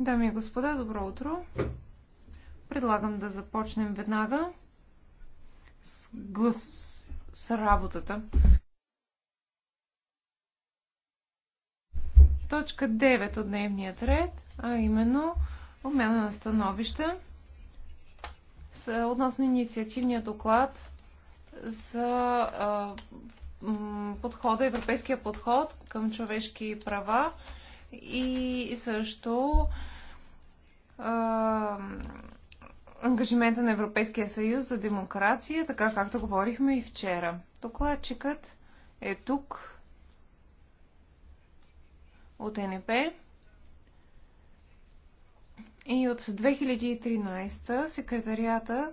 Дами и господа, добро утро. Предлагам да започнем веднага с, глас... с работата. Точка 9 от дневния ред, а именно обмяна на становища с, относно инициативния доклад за а, подхода, европейския подход към човешки права и също а, ангажимента на Европейския съюз за демокрация, така както говорихме и вчера. Докладчикът е тук от НП. И от 2013 секретарията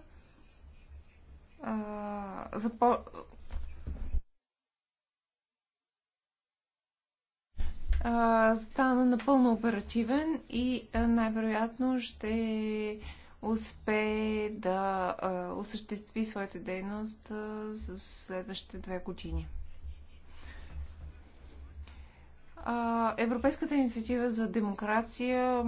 а, запо... стана напълно оперативен и най-вероятно ще успее да осъществи своята дейност за следващите две години. Европейската инициатива за демокрация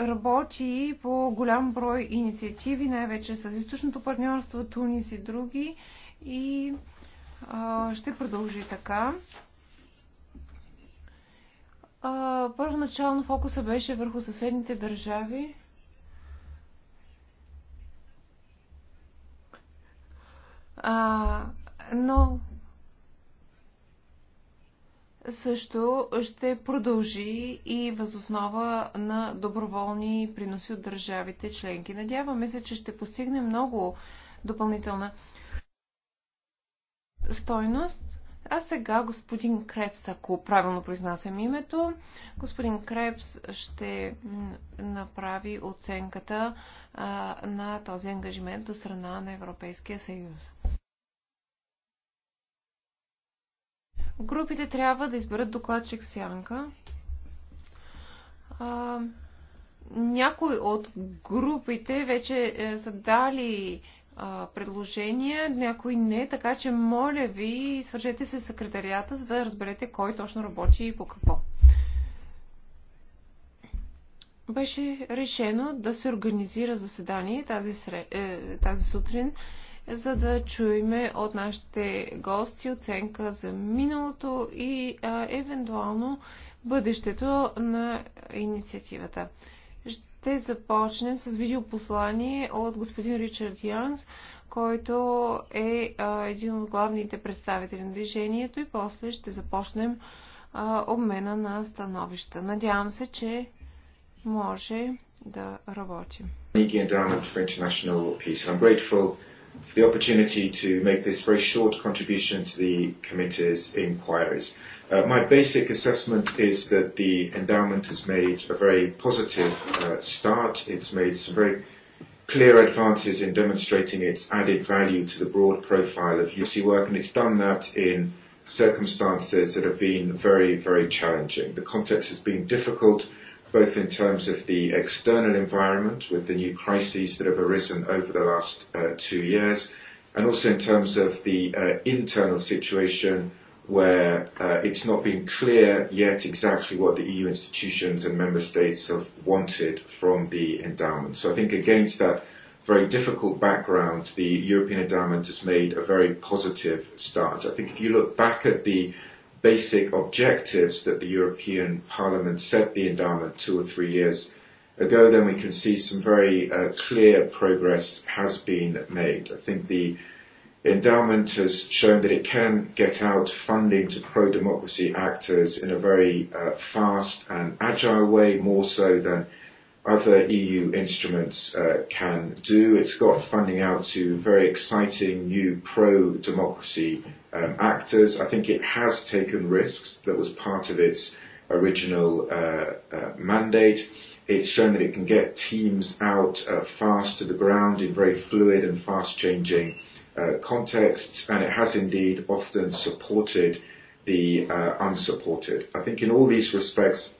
работи по голям брой инициативи, най-вече с източното партньорство, Тунис и други и ще продължи така а, първоначално фокуса беше върху съседните държави. А, но също ще продължи и възоснова на доброволни приноси от държавите членки. Надяваме се, че ще постигне много допълнителна стойност а сега господин Крепс, ако правилно произнасям името, господин Крепс ще направи оценката а, на този ангажимент до страна на Европейския съюз. Групите трябва да изберат докладчик сянка. А, някои от групите вече е, са дали а, предложения, някои не, така че моля ви, свържете се с секретарията, за да разберете кой точно работи и по какво. Беше решено да се организира заседание тази, сре, е, тази сутрин, за да чуеме от нашите гости оценка за миналото и а, евентуално бъдещето на инициативата ще започнем с видеопослание от господин Ричард Йонс, който е а, един от главните представители на движението и после ще започнем а, обмена на становища. Надявам се, че може да работим for the opportunity to make this very short contribution to the committee's inquiries. Uh, my basic assessment is that the endowment has made a very positive uh, start. It's made some very clear advances in demonstrating its added value to the broad profile of UC work, and it's done that in circumstances that have been very, very challenging. The context has been difficult both in terms of the external environment with the new crises that have arisen over the last uh two years, and also in terms of the uh internal situation where uh it's not been clear yet exactly what the EU institutions and member states have wanted from the endowment. So I think against that very difficult background, the European endowment has made a very positive start. I think if you look back at the basic objectives that the European Parliament set the endowment two or three years ago, then we can see some very uh, clear progress has been made. I think the endowment has shown that it can get out funding to pro-democracy actors in a very uh, fast and agile way, more so than other EU instruments uh, can do. It's got funding out to very exciting new pro-democracy um, actors. I think it has taken risks. That was part of its original uh, uh, mandate. It's shown that it can get teams out uh, fast to the ground in very fluid and fast-changing uh, contexts, and it has indeed often supported the uh, unsupported. I think in all these respects,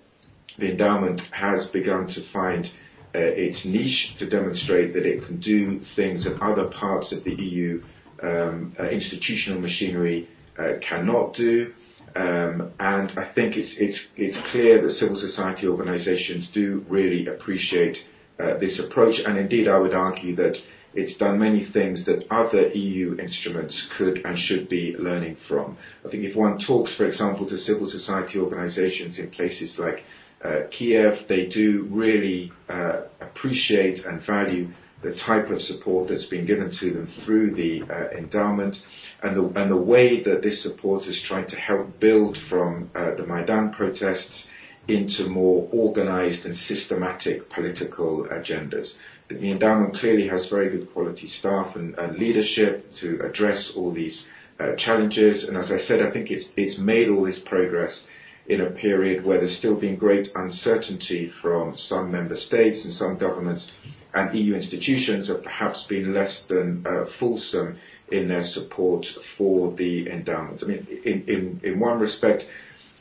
the endowment has begun to find uh, its niche to demonstrate that it can do things that other parts of the EU um, uh, institutional machinery uh, cannot do. Um, and I think it's, it's, it's clear that civil society organisations do really appreciate uh, this approach. And indeed, I would argue that it's done many things that other EU instruments could and should be learning from. I think if one talks, for example, to civil society organisations in places like uh, Kiev, they do really uh, appreciate and value the type of support that's been given to them through the uh, endowment and the, and the way that this support is trying to help build from uh, the Maidan protests into more organized and systematic political agendas. The endowment clearly has very good quality staff and, and leadership to address all these uh, challenges. And as I said, I think it's, it's made all this progress in a period where there's still been great uncertainty from some member states and some governments, and EU institutions have perhaps been less than uh, fulsome in their support for the endowment. I mean, in, in, in one respect,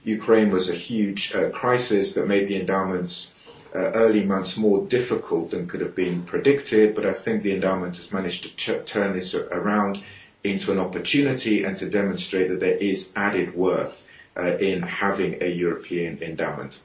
Ukraine was a huge uh, crisis that made the endowments uh, early months more difficult than could have been predicted, but I think the endowment has managed to ch- turn this around into an opportunity and to demonstrate that there is added worth in having a European endowment.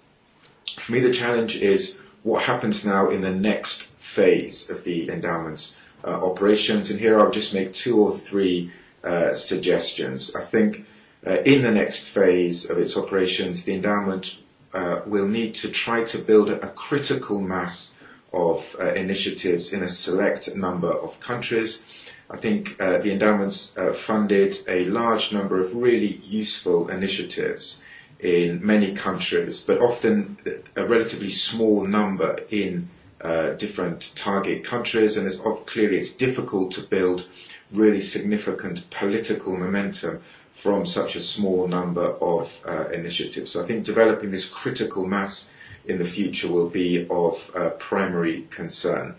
For me, the challenge is what happens now in the next phase of the endowment's uh, operations. And here I'll just make two or three uh, suggestions. I think uh, in the next phase of its operations, the endowment uh, will need to try to build a critical mass of uh, initiatives in a select number of countries I think uh, the endowments uh, funded a large number of really useful initiatives in many countries, but often a relatively small number in uh, different target countries, and it's clearly it's difficult to build really significant political momentum from such a small number of uh, initiatives. So I think developing this critical mass in the future will be of uh, primary concern. Uh,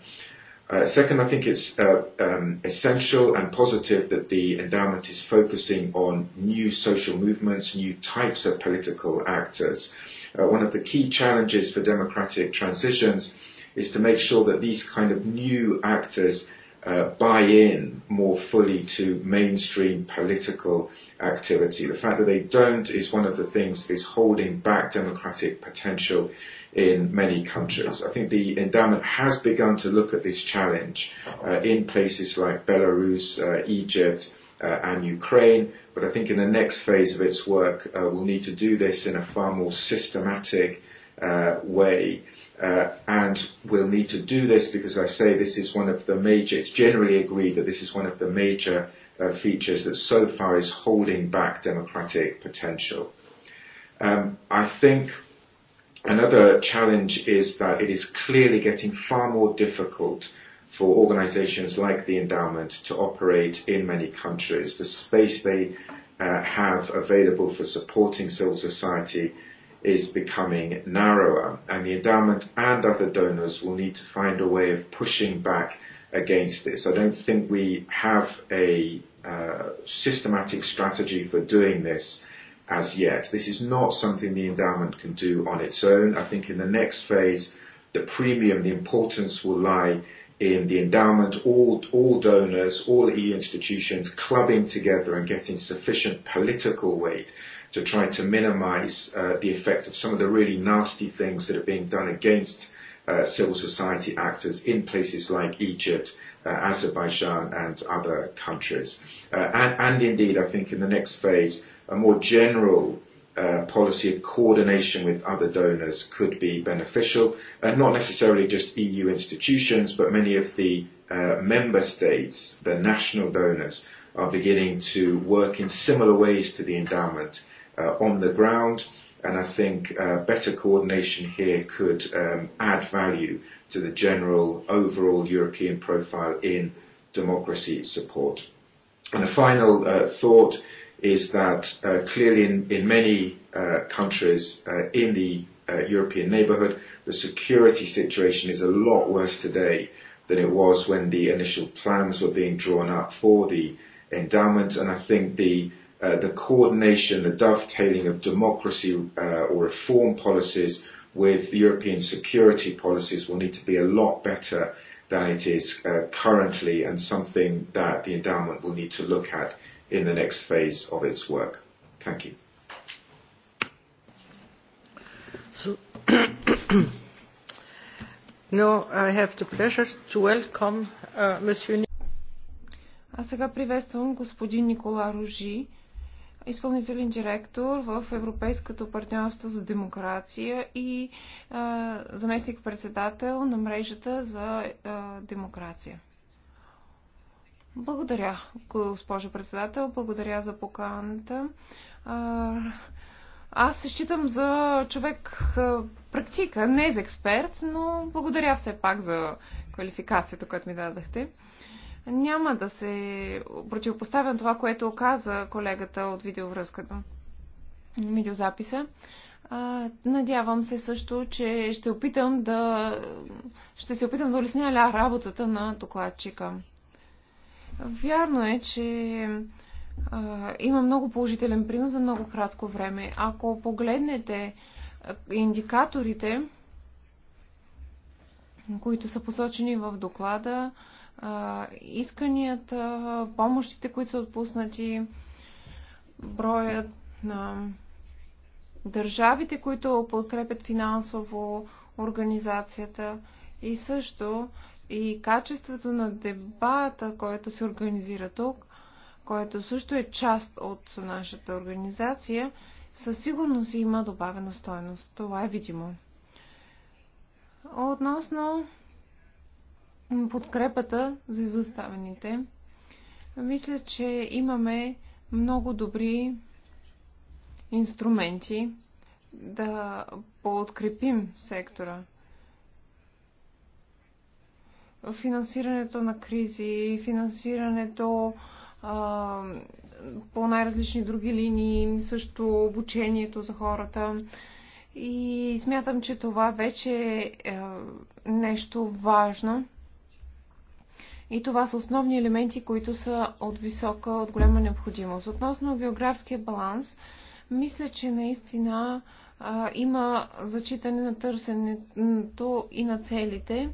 Uh, second, I think it's uh, um, essential and positive that the endowment is focusing on new social movements, new types of political actors. Uh, one of the key challenges for democratic transitions is to make sure that these kind of new actors uh, buy in more fully to mainstream political activity. The fact that they don't is one of the things that is holding back democratic potential in many countries. I think the endowment has begun to look at this challenge uh, in places like Belarus, uh, Egypt, uh, and Ukraine, but I think in the next phase of its work, uh, we'll need to do this in a far more systematic uh, way. Uh, and we'll need to do this because I say this is one of the major, it's generally agreed that this is one of the major uh, features that so far is holding back democratic potential. Um, I think Another challenge is that it is clearly getting far more difficult for organizations like the endowment to operate in many countries. The space they uh, have available for supporting civil society is becoming narrower, and the endowment and other donors will need to find a way of pushing back against this. I don't think we have a uh, systematic strategy for doing this as yet. This is not something the endowment can do on its own. I think in the next phase, the premium, the importance will lie in the endowment, all, all donors, all EU institutions clubbing together and getting sufficient political weight to try to minimize uh, the effect of some of the really nasty things that are being done against uh, civil society actors in places like Egypt, uh, Azerbaijan and other countries. Uh, and, and indeed, I think in the next phase, a more general uh, policy of coordination with other donors could be beneficial, and not necessarily just EU institutions, but many of the uh, member states, the national donors, are beginning to work in similar ways to the endowment uh, on the ground, and I think uh, better coordination here could um, add value to the general overall European profile in democracy support. And a final uh, thought is that uh, clearly in, in many uh, countries uh, in the uh, European neighbourhood, the security situation is a lot worse today than it was when the initial plans were being drawn up for the endowment. And I think the uh, the coordination, the dovetailing of democracy uh, or reform policies with European security policies will need to be a lot better than it is uh, currently, and something that the endowment will need to look at in the next phase of its work. Thank you. So now I have the pleasure to welcome uh, Monsieur. А сега приветствам господин Никола Ружи, изпълнителен директор в Европейското партньорство за демокрация и а, заместник-председател на мрежата за а, демокрация. Благодаря, госпожо председател. Благодаря за поканата. Аз се считам за човек практика, не за експерт, но благодаря все пак за квалификацията, която ми дадахте. Няма да се противопоставя на това, което каза колегата от видеовръзката, видеозаписа. Надявам се също, че ще опитам да ще се опитам да улесня работата на докладчика. Вярно е, че а, има много положителен принос за много кратко време. Ако погледнете индикаторите, които са посочени в доклада, а, исканията, помощите, които са отпуснати, броят на държавите, които подкрепят финансово организацията и също и качеството на дебата, който се организира тук, който също е част от нашата организация, със сигурност има добавена стойност. Това е видимо. Относно подкрепата за изоставените, мисля, че имаме много добри инструменти да подкрепим сектора финансирането на кризи, финансирането а, по най-различни други линии, също обучението за хората. И смятам, че това вече е, е нещо важно. И това са основни елементи, които са от висока, от голяма необходимост. Относно географския баланс, мисля, че наистина а, има зачитане на търсенето и на целите.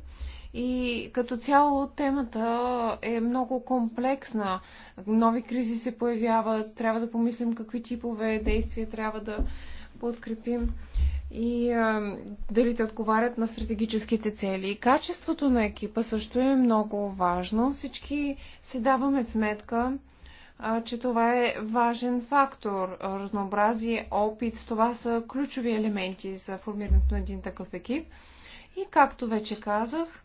И като цяло темата е много комплексна. Нови кризи се появяват, трябва да помислим какви типове действия трябва да подкрепим и а, дали те отговарят на стратегическите цели. качеството на екипа също е много важно. Всички се даваме сметка, а, че това е важен фактор. Разнообразие, опит, това са ключови елементи за формирането на един такъв екип. И както вече казах,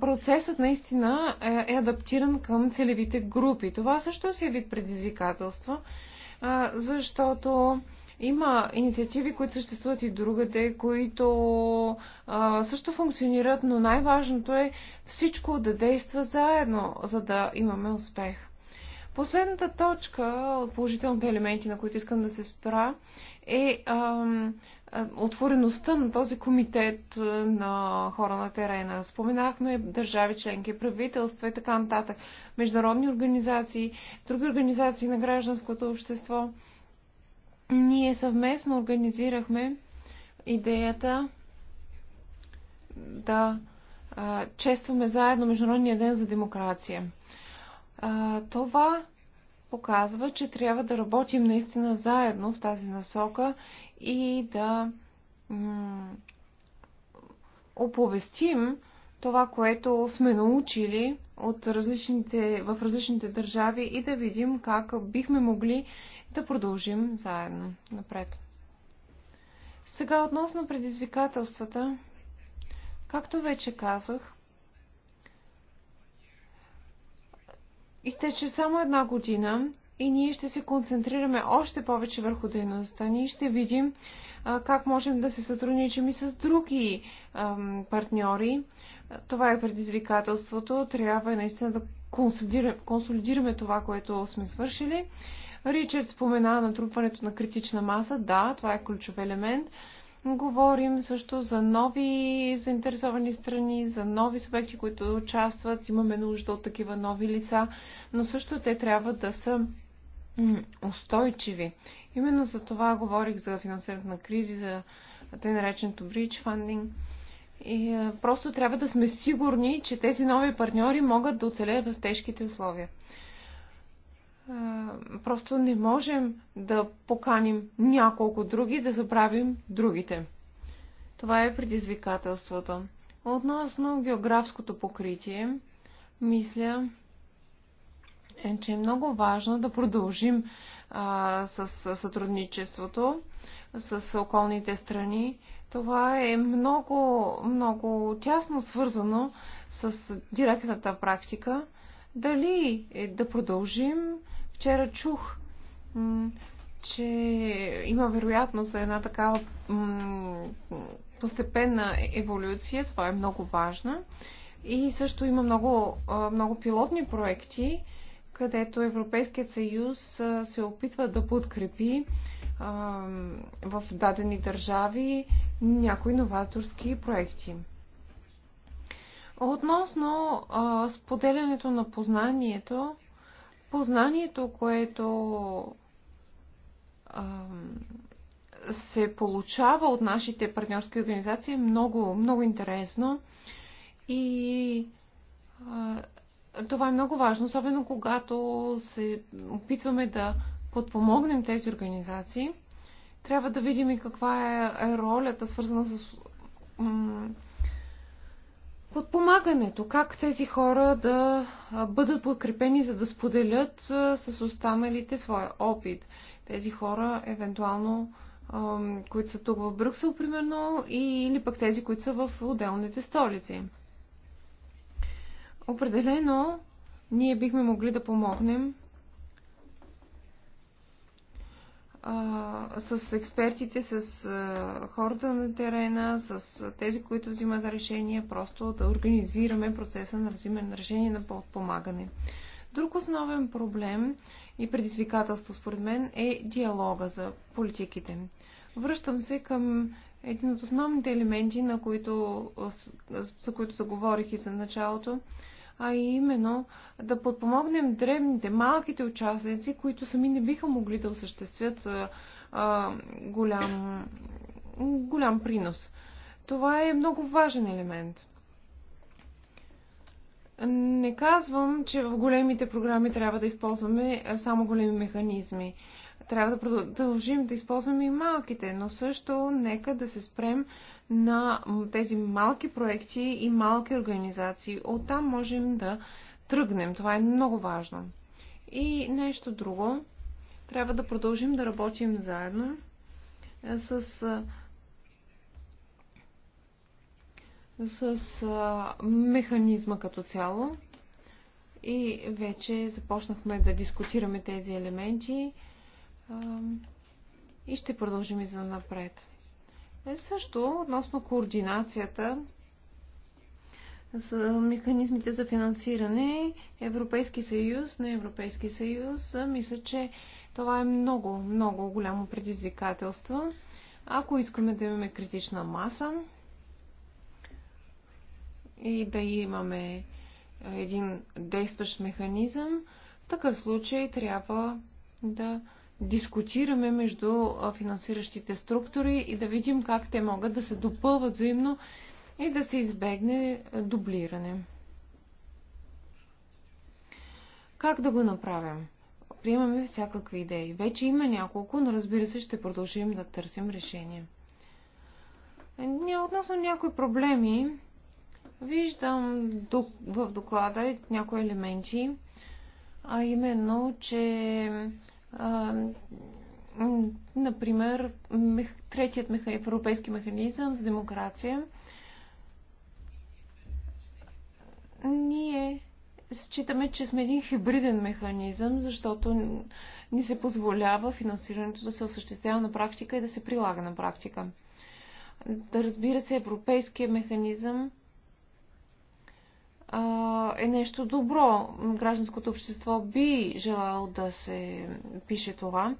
процесът наистина е, е адаптиран към целевите групи. Това също си е вид предизвикателство, защото има инициативи, които съществуват и другите, които също функционират, но най-важното е всичко да действа заедно, за да имаме успех. Последната точка от положителните елементи, на които искам да се спра, е ам, е, отвореността на този комитет е, на хора на терена. Споменахме държави членки, правителства и така нататък, международни организации, други организации на гражданското общество. Ние съвместно организирахме идеята да а, е, честваме заедно Международния ден за демокрация. А, това показва, че трябва да работим наистина заедно в тази насока и да оповестим това, което сме научили от различните, в различните държави и да видим как бихме могли да продължим заедно напред. Сега относно предизвикателствата, както вече казах, изтече само една година и ние ще се концентрираме още повече върху дейността. Ние ще видим а, как можем да се сътрудничим и с други а, партньори. Това е предизвикателството. Трябва наистина да консолидираме, консолидираме това, което сме свършили. Ричард спомена натрупването на критична маса. Да, това е ключов елемент. Говорим също за нови заинтересовани страни, за нови субекти, които участват. Имаме нужда от такива нови лица, но също те трябва да са устойчиви. Именно за това говорих за финансирането на кризи, за тъй нареченото bridge funding. И е, просто трябва да сме сигурни, че тези нови партньори могат да оцелеят в тежките условия. Е, просто не можем да поканим няколко други, да забравим другите. Това е предизвикателството. Относно географското покритие, мисля, е, че е много важно да продължим а, с сътрудничеството с околните страни. Това е много, много тясно свързано с директната практика. Дали е да продължим? Вчера чух, че има вероятност за една такава постепенна еволюция. Това е много важно. И също има много, много пилотни проекти, където Европейският съюз се опитва да подкрепи в дадени държави някои новаторски проекти. Относно споделянето на познанието, познанието, което се получава от нашите партньорски организации е много, много интересно и това е много важно, особено когато се опитваме да подпомогнем тези организации. Трябва да видим и каква е ролята, свързана с подпомагането, как тези хора да бъдат подкрепени, за да споделят с останалите своя опит. Тези хора, евентуално, които са тук в Брюксел, примерно, или пък тези, които са в отделните столици. Определено ние бихме могли да помогнем а, с експертите, с а, хората на терена, с а, тези, които взимат решения, просто да организираме процеса на взимане на решение на подпомагане. Друг основен проблем и предизвикателство, според мен, е диалога за политиките. Връщам се към един от основните елементи, на които, за които заговорих и за началото, а именно да подпомогнем древните, малките участници, които сами не биха могли да осъществят а, а, голям, голям принос. Това е много важен елемент. Не казвам, че в големите програми трябва да използваме само големи механизми трябва да продължим да използваме и малките, но също нека да се спрем на тези малки проекти и малки организации. Оттам можем да тръгнем. Това е много важно. И нещо друго. Трябва да продължим да работим заедно е, с, е, с е, механизма като цяло. И вече започнахме да дискутираме тези елементи и ще продължим и за напред. Е също относно координацията с механизмите за финансиране Европейски съюз на Европейски съюз. Мисля, че това е много, много голямо предизвикателство. Ако искаме да имаме критична маса и да имаме един действащ механизъм, в такъв случай трябва да дискутираме между финансиращите структури и да видим как те могат да се допълват взаимно и да се избегне дублиране. Как да го направим? Приемаме всякакви идеи. Вече има няколко, но разбира се, ще продължим да търсим решение. Относно някои проблеми, виждам в доклада някои елементи, а именно, че например, третият меха... европейски механизъм за демокрация. Ние считаме, че сме един хибриден механизъм, защото ни се позволява финансирането да се осъществява на практика и да се прилага на практика. Да разбира се, европейския механизъм е нещо добро. Гражданското общество би желало да се пише това,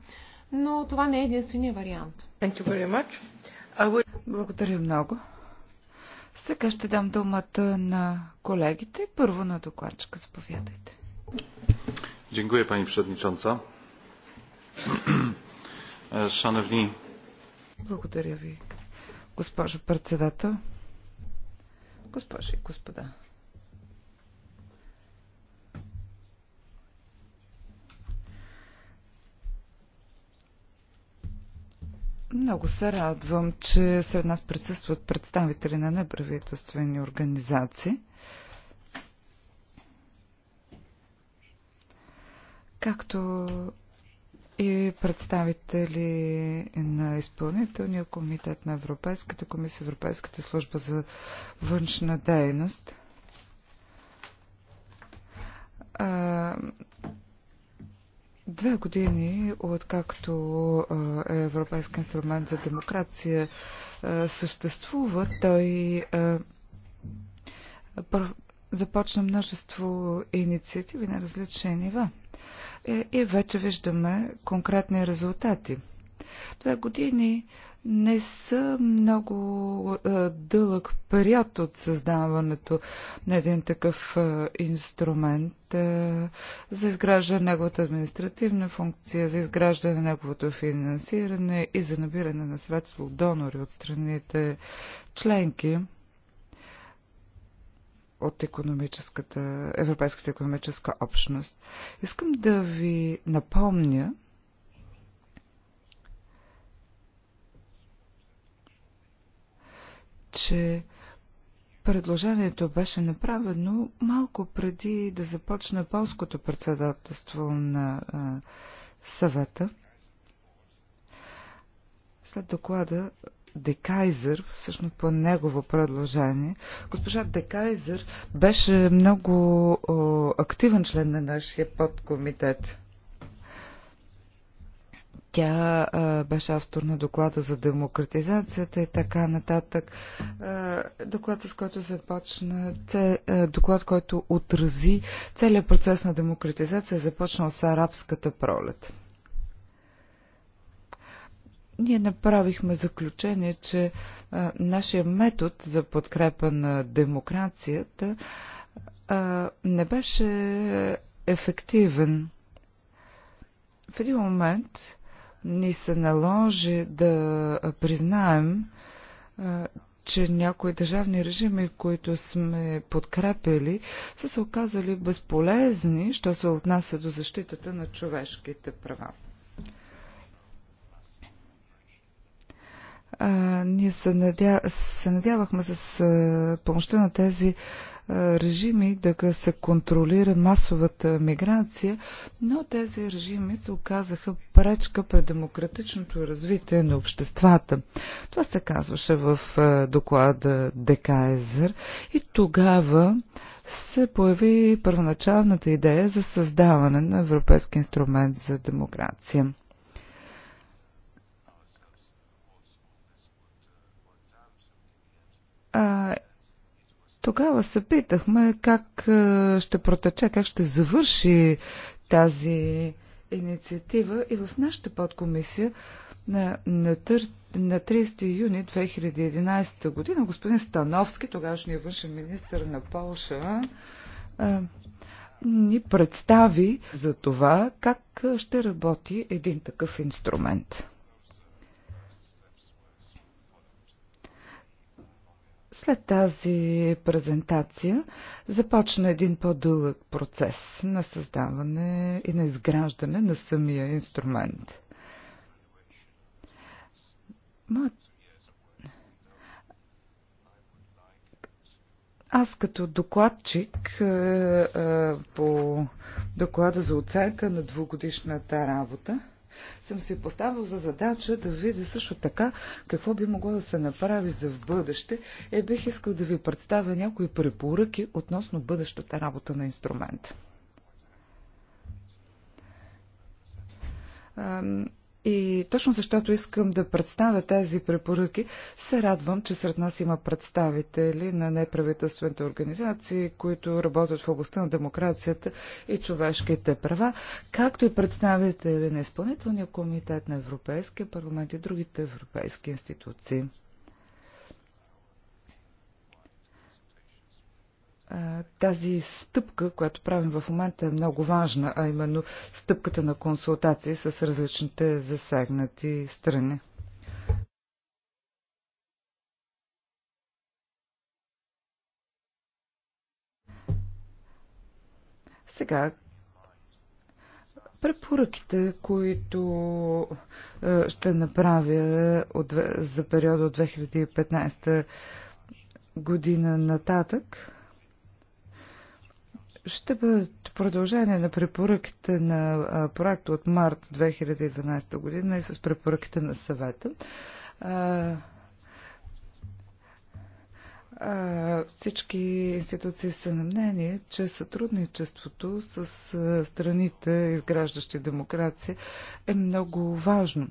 но това не е единствения вариант. Will... Благодаря много. Сега ще дам думата на колегите. Първо на докладчика. Заповядайте. Dziękuję Pani Przewodnicząca. Szanowni. Благодаря Ви, госпожо председател. Госпожи и господа. Много се радвам, че сред нас присъстват представители на неправителствени организации. Както и представители на изпълнителния комитет на Европейската комисия, Европейската служба за външна дейност. Две години, откакто е Европейски инструмент за демокрация съществува, той започна множество инициативи на различни нива. Е, и вече виждаме конкретни резултати. Две години не са много а, е, дълъг период от създаването на един такъв а, е, инструмент а, е, за изграждане на неговата административна функция, за изграждане на неговото финансиране и за набиране на средства от донори от страните членки от економическата, Европейската економическа общност. Искам да ви напомня, че предложението беше направено малко преди да започне полското председателство на а, съвета. След доклада Декайзер, всъщност по негово предложение, госпожа Декайзер беше много о, активен член на нашия подкомитет. Тя а, беше автор на доклада за демократизацията и така нататък. А, доклад, с който започна, це, а, доклад, който отрази целият процес на демократизация, е започнал с арабската пролет. Ние направихме заключение, че а, нашия метод за подкрепа на демокрацията а, не беше ефективен. В един момент ни се наложи да признаем, че някои държавни режими, които сме подкрепили, са се оказали безполезни, що се отнася до защитата на човешките права. А, ние се, надя... се надявахме с помощта на тези режими да се контролира масовата миграция, но тези режими се оказаха пречка пред демократичното развитие на обществата. Това се казваше в доклада Декайзер и тогава се появи първоначалната идея за създаване на Европейски инструмент за демокрация. А, тогава се питахме как е, ще протече, как ще завърши тази инициатива и в нашата подкомисия на, на, тър, на 30 юни 2011 година господин Становски, тогавашния външен министр на Полша, е, ни представи за това как ще работи един такъв инструмент. След тази презентация започна един по-дълъг процес на създаване и на изграждане на самия инструмент. Аз като докладчик е, е, по доклада за оценка на двугодишната работа съм си поставил за задача да видя също така какво би могло да се направи за в бъдеще и е, бих искал да ви представя някои препоръки относно бъдещата работа на инструмента. И точно защото искам да представя тези препоръки, се радвам, че сред нас има представители на неправителствените организации, които работят в областта на демокрацията и човешките права, както и представители на изпълнителния комитет на Европейския парламент и другите европейски институции. тази стъпка, която правим в момента е много важна, а именно стъпката на консултации с различните засегнати страни. Сега, препоръките, които ще направя от, за периода от 2015 година нататък, ще бъдат продължение на препоръките на проекта от март 2012 година и с препоръките на съвета. Всички институции са на мнение, че сътрудничеството с страните, изграждащи демокрация, е много важно.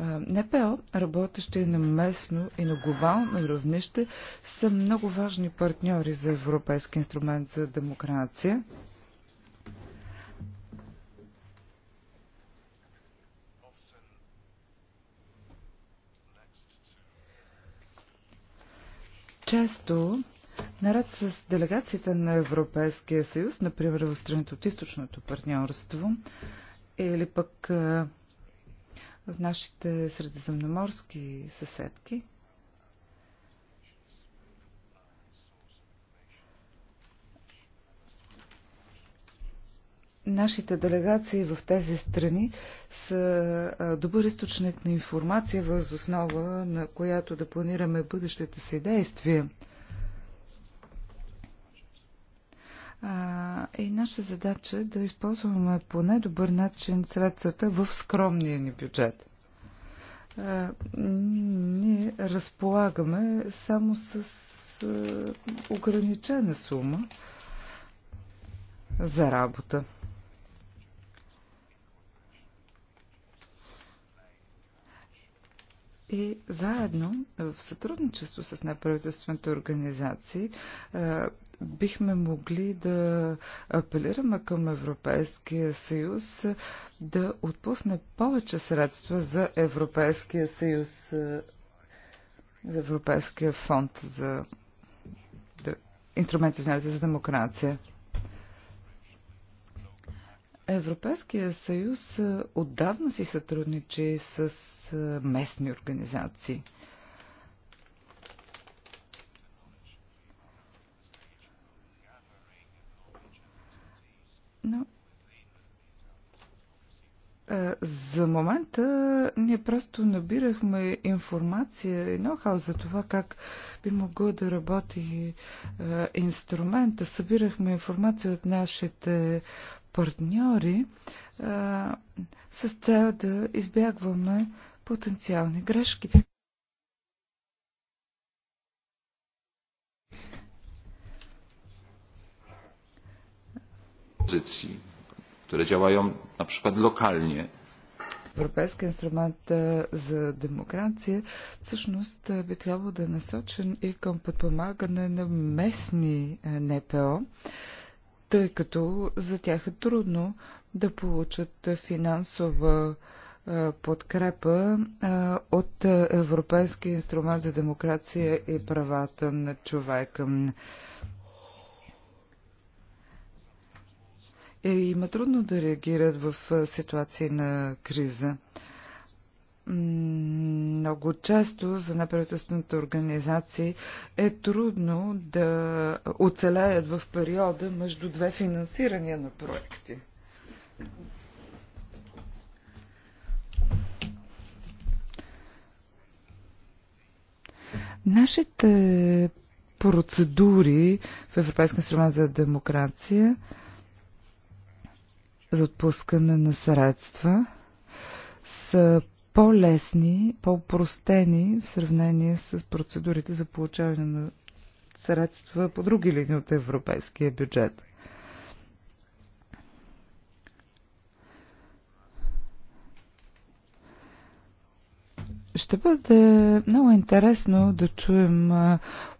НПО, работещи на местно и на глобално равнище, са много важни партньори за Европейски инструмент за демокрация. Често, наред с делегацията на Европейския съюз, например в страните от източното партньорство, или пък в нашите средиземноморски съседки. Нашите делегации в тези страни са добър източник на информация, въз основа на която да планираме бъдещите си действия. е наша задача е да използваме по най-добър начин средствата в скромния ни бюджет. Ние разполагаме само с ограничена сума за работа. И заедно, в сътрудничество с неправителствените организации, бихме могли да апелираме към Европейския съюз да отпусне повече средства за Европейския съюз, за Европейския фонд за инструменти за демокрация. Европейския съюз отдавна си сътрудничи с местни организации – Но е, за момента ние просто набирахме информация и ноу-хау за това как би могло да работи е, инструмента. Събирахме информация от нашите партньори е, с цел да избягваме потенциални грешки. opozycji, które działają na przykład lokalnie. Европейски инструмент за демокрация всъщност би трябвало да е насочен и към подпомагане на местни НПО, тъй като за тях е трудно да получат финансова подкрепа от Европейския инструмент за демокрация и правата на човека. е, има трудно да реагират в ситуации на криза. Много често за неправителствените организации е трудно да оцеляят в периода между две финансирания на проекти. Нашите процедури в Европейска инструмент за демокрация за отпускане на средства са по-лесни, по-простени в сравнение с процедурите за получаване на средства по други линии от европейския бюджет. Ще бъде много интересно да чуем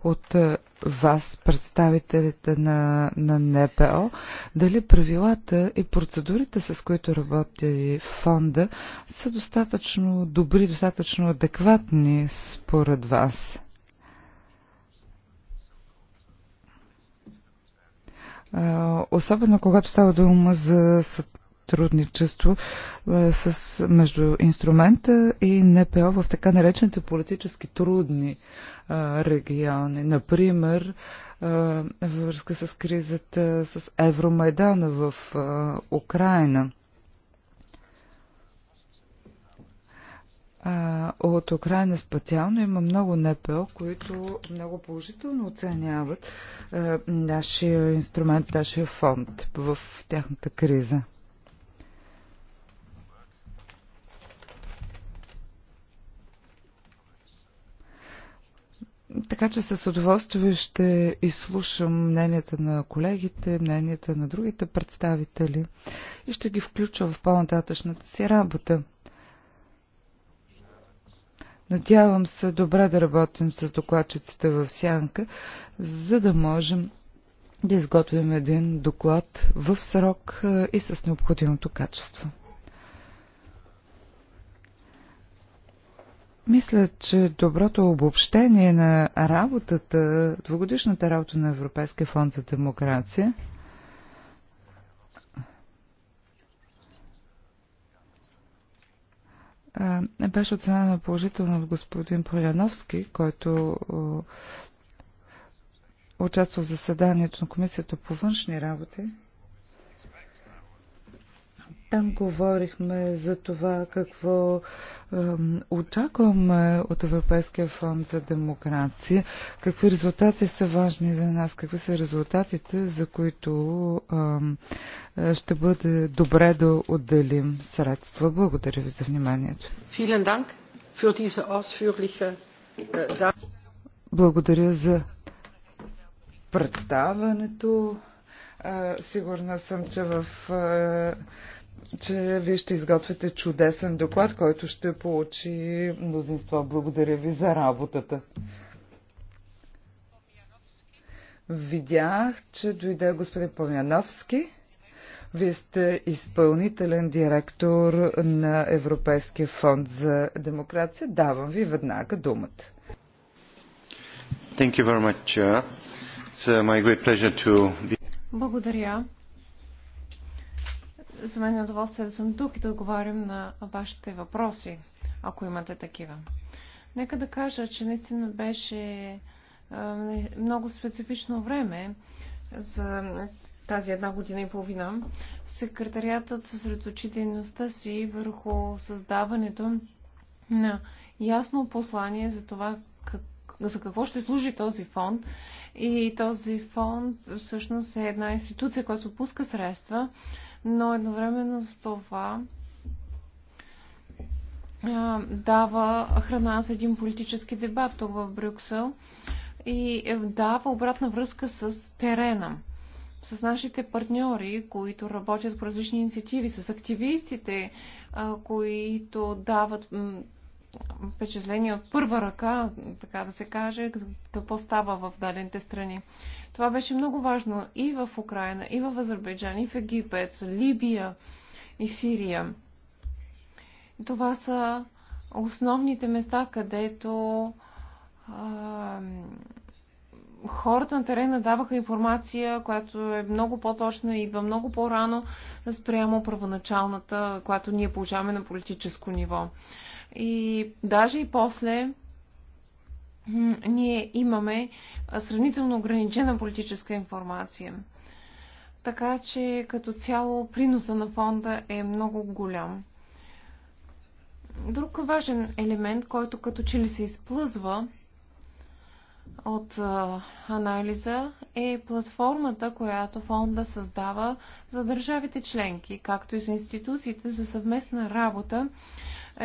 от вас, представителите на, на НПО, дали правилата и процедурите, с които работи фонда, са достатъчно добри, достатъчно адекватни според вас? Особено когато става дума за сътрудничество с, между инструмента и НПО в така наречените политически трудни а, региони. Например, а, във връзка с кризата с Евромайдана в а, Украина. от Украина специално има много НПО, които много положително оценяват нашия инструмент, нашия фонд в тяхната криза. Така че с удоволствие ще изслушам мненията на колегите, мненията на другите представители и ще ги включа в по-нататъчната си работа. Надявам се добре да работим с докладчиците в сянка, за да можем да изготвим един доклад в срок и с необходимото качество. Мисля, че доброто обобщение на работата, двогодишната работа на Европейския фонд за демокрация е, беше оценена положително от господин Поляновски, който участва в заседанието на Комисията по външни работи. Там говорихме за това какво е, очакваме от Европейския фонд за демокрация, какви резултати са важни за нас, какви са резултатите, за които е, ще бъде добре да отделим средства. Благодаря ви за вниманието. Äh, Благодаря за представането. Е, сигурна съм, че в е, че вие ще изготвите чудесен доклад, който ще получи мнозинство. Благодаря ви за работата. Видях, че дойде господин Помяновски. Вие сте изпълнителен директор на Европейския фонд за демокрация. Давам ви веднага думата. Thank you very much. It's uh, my great pleasure to be... Благодаря. За мен е удоволствие да съм тук и да отговарям на вашите въпроси, ако имате такива. Нека да кажа, че наистина беше много специфично време за тази една година и половина. Секретариатът съсредоточи дейността си върху създаването на ясно послание за това как, за какво ще служи този фонд. И този фонд всъщност е една институция, която пуска средства но едновременно с това дава храна за един политически дебат в Брюксел и дава обратна връзка с терена, с нашите партньори, които работят по различни инициативи, с активистите, които дават впечатление от първа ръка, така да се каже, какво става в дадените страни. Това беше много важно и в Украина, и в Азербайджан, и в Египет, Либия и Сирия. Това са основните места, където а, хората на терена даваха информация, която е много по-точна и идва много по-рано спрямо първоначалната, която ние получаваме на политическо ниво. И даже и после ние имаме сравнително ограничена политическа информация. Така че като цяло приноса на фонда е много голям. Друг важен елемент, който като че ли се изплъзва от а, анализа, е платформата, която фонда създава за държавите членки, както и за институциите за съвместна работа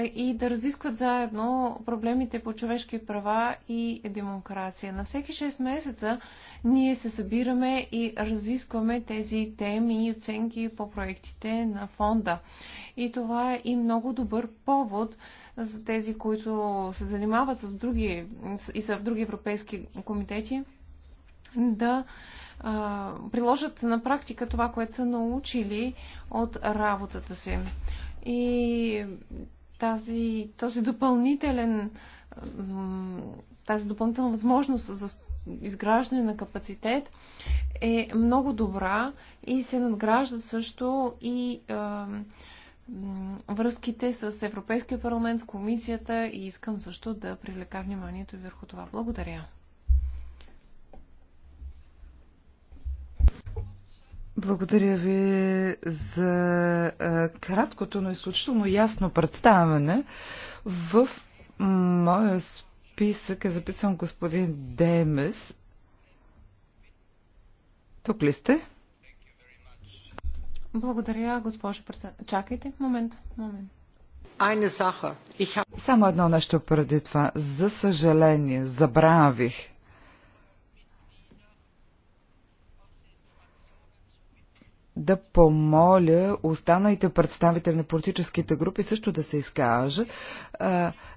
и да разискват заедно проблемите по човешки права и демокрация. На всеки 6 месеца ние се събираме и разискваме тези теми и оценки по проектите на фонда. И това е и много добър повод за тези, които се занимават с други и са в други европейски комитети, да а, приложат на практика това, което са научили от работата си. И тази, този допълнителен, тази допълнителна възможност за изграждане на капацитет е много добра и се надграждат също и е, връзките с Европейския парламент, с комисията и искам също да привлека вниманието върху това. Благодаря. Благодаря ви за краткото, но изключително ясно представяне. В моя списък е записан господин Демес. Тук ли сте? Благодаря, госпожо председател. Чакайте, момент, момент. Само едно нещо преди това. За съжаление, забравих да помоля останалите представители на политическите групи също да се изкажат.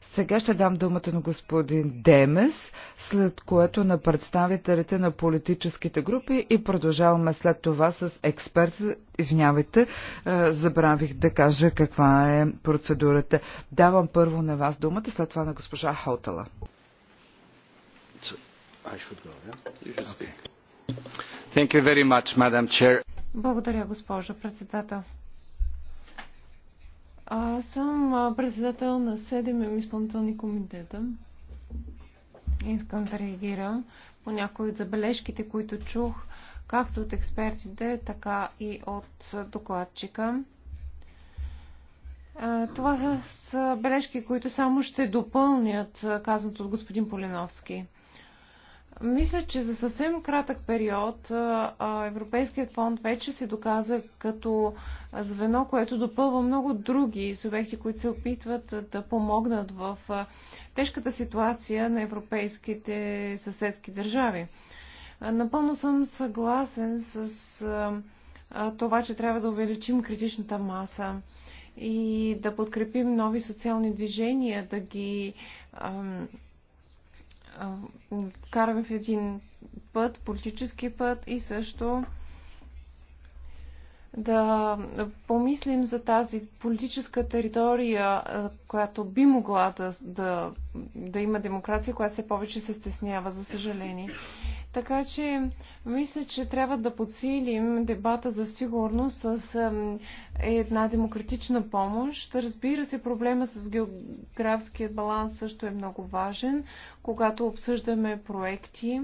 Сега ще дам думата на господин Демес, след което на представителите на политическите групи и продължаваме след това с експерти. Извинявайте, забравих да кажа каква е процедурата. Давам първо на вас думата, след това на госпожа Хотала. Thank you very much, Madam Chair. Благодаря, госпожо председател. Аз съм председател на 7 изпълнителни комитета. Искам да реагирам по някои от забележките, които чух, както от експертите, така и от докладчика. Това са бележки, които само ще допълнят казаното от господин Полиновски. Мисля, че за съвсем кратък период Европейският фонд вече се доказа като звено, което допълва много други субекти, които се опитват да помогнат в тежката ситуация на европейските съседски държави. Напълно съм съгласен с това, че трябва да увеличим критичната маса и да подкрепим нови социални движения, да ги караме в един път, политически път и също да помислим за тази политическа територия, която би могла да, да, да има демокрация, която все повече се стеснява, за съжаление. Така че мисля, че трябва да подсилим дебата за сигурност с една демократична помощ. Разбира се, проблема с географския баланс също е много важен, когато обсъждаме проекти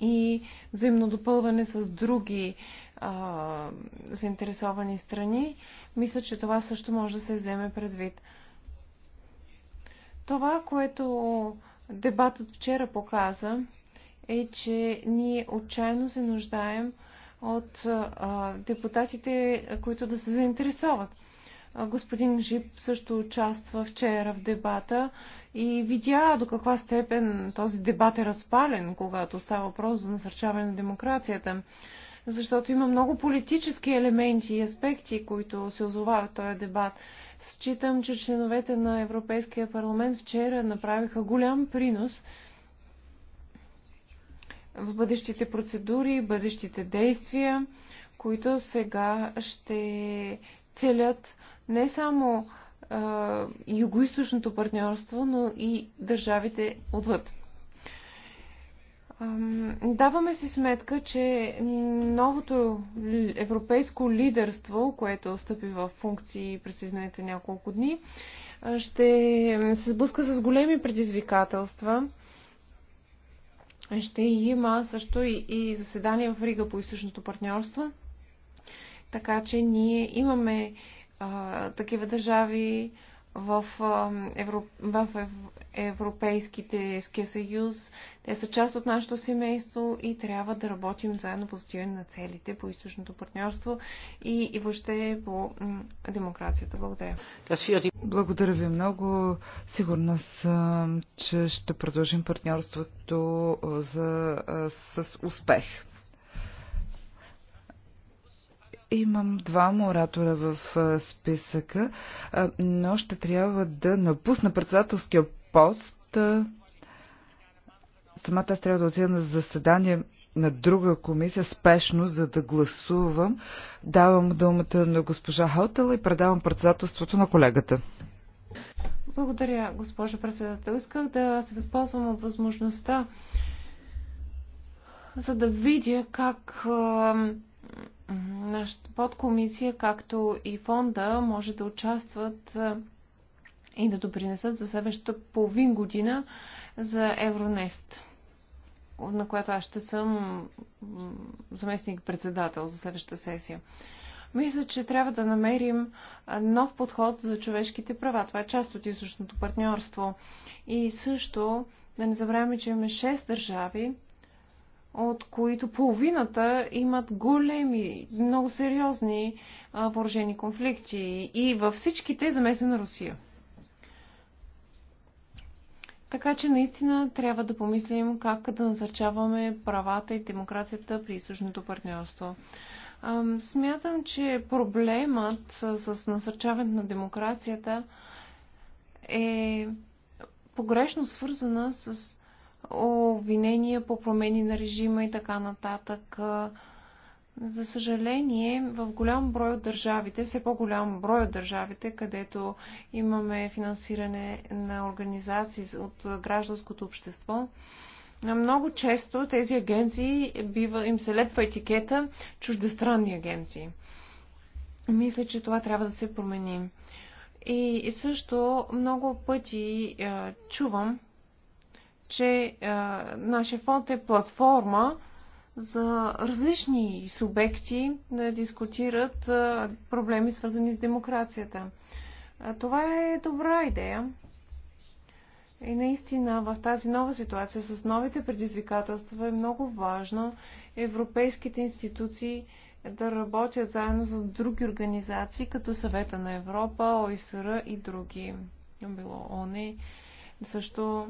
и взаимно допълване с други а, заинтересовани страни. Мисля, че това също може да се вземе предвид. Това, което дебатът вчера показа, е, че ние отчаяно се нуждаем от а, депутатите, които да се заинтересоват. А, господин Жип също участва вчера в дебата и видя до каква степен този дебат е разпален, когато става въпрос за насърчаване на демокрацията. Защото има много политически елементи и аспекти, които се озовават в този дебат. Считам, че членовете на Европейския парламент вчера направиха голям принос – в бъдещите процедури, бъдещите действия, които сега ще целят не само югоисточното партньорство, но и държавите отвъд. Даваме си сметка, че новото европейско лидерство, което стъпи в функции през изнаните няколко дни, ще се сблъска с големи предизвикателства ще има също и, и заседание в Рига по източното партньорство. Така че ние имаме а, такива държави, в, Европ... в Европейските съюз. Те са част от нашето семейство и трябва да работим заедно по стигане на целите по източното партньорство и, и въобще по демокрацията. Благодаря. Благодаря ви много. Сигурна съм, че ще продължим партньорството за, с успех. Имам два оратора в списъка, но ще трябва да напусна председателския пост. Самата аз трябва да отида на заседание на друга комисия спешно, за да гласувам. Давам думата на госпожа Хотела и предавам председателството на колегата. Благодаря, госпожо председател. Исках да се възползвам от възможността, за да видя как нашата подкомисия, както и фонда, може да участват и да допринесат за следващата половин година за Евронест, на която аз ще съм заместник-председател за следващата сесия. Мисля, че трябва да намерим нов подход за човешките права. Това е част от източното партньорство. И също да не забравяме, че имаме 6 държави, от които половината имат големи, много сериозни вооружени конфликти и във всичките те е замесена Русия. Така че наистина трябва да помислим как да насърчаваме правата и демокрацията при източното партньорство. Смятам, че проблемът с насърчаването на демокрацията е погрешно свързана с обвинения по промени на режима и така нататък. За съжаление, в голям брой от държавите, все по-голям брой от държавите, където имаме финансиране на организации от гражданското общество, много често тези агенции бива, им се лепва етикета чуждестранни агенции. Мисля, че това трябва да се промени. И, също много пъти е, чувам че а, е, нашия фонд е платформа за различни субекти да дискутират а, е, проблеми, свързани с демокрацията. А, това е добра идея. И наистина в тази нова ситуация с новите предизвикателства е много важно европейските институции да работят заедно с други организации, като Съвета на Европа, ОИСР и други. Било ОНЕ. Също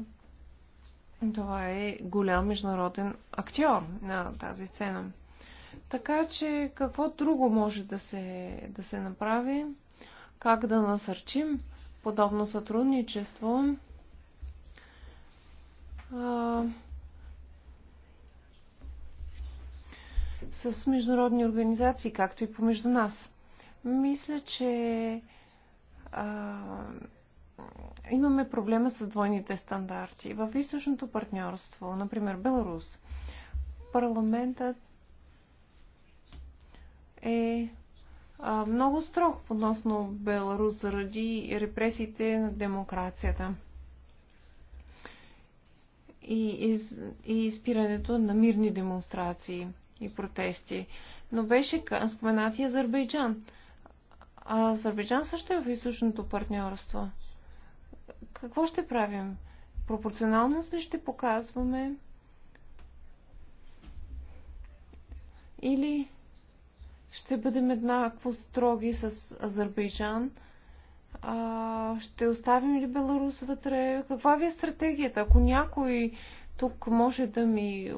това е голям международен актьор на тази сцена. Така че какво друго може да се, да се направи? Как да насърчим подобно сътрудничество? А, с международни организации, както и помежду нас. Мисля, че а, имаме проблема с двойните стандарти. В източното партньорство, например Беларус, парламентът е много строг относно Беларус заради репресиите на демокрацията и, и, и изпирането на мирни демонстрации и протести. Но беше споменат и Азербайджан. А Азербайджан също е в източното партньорство. Какво ще правим? Пропорционалност ли ще показваме? Или ще бъдем еднакво строги с Азербайджан? А, ще оставим ли Беларус вътре? Каква ви е стратегията? Ако някой тук може да ми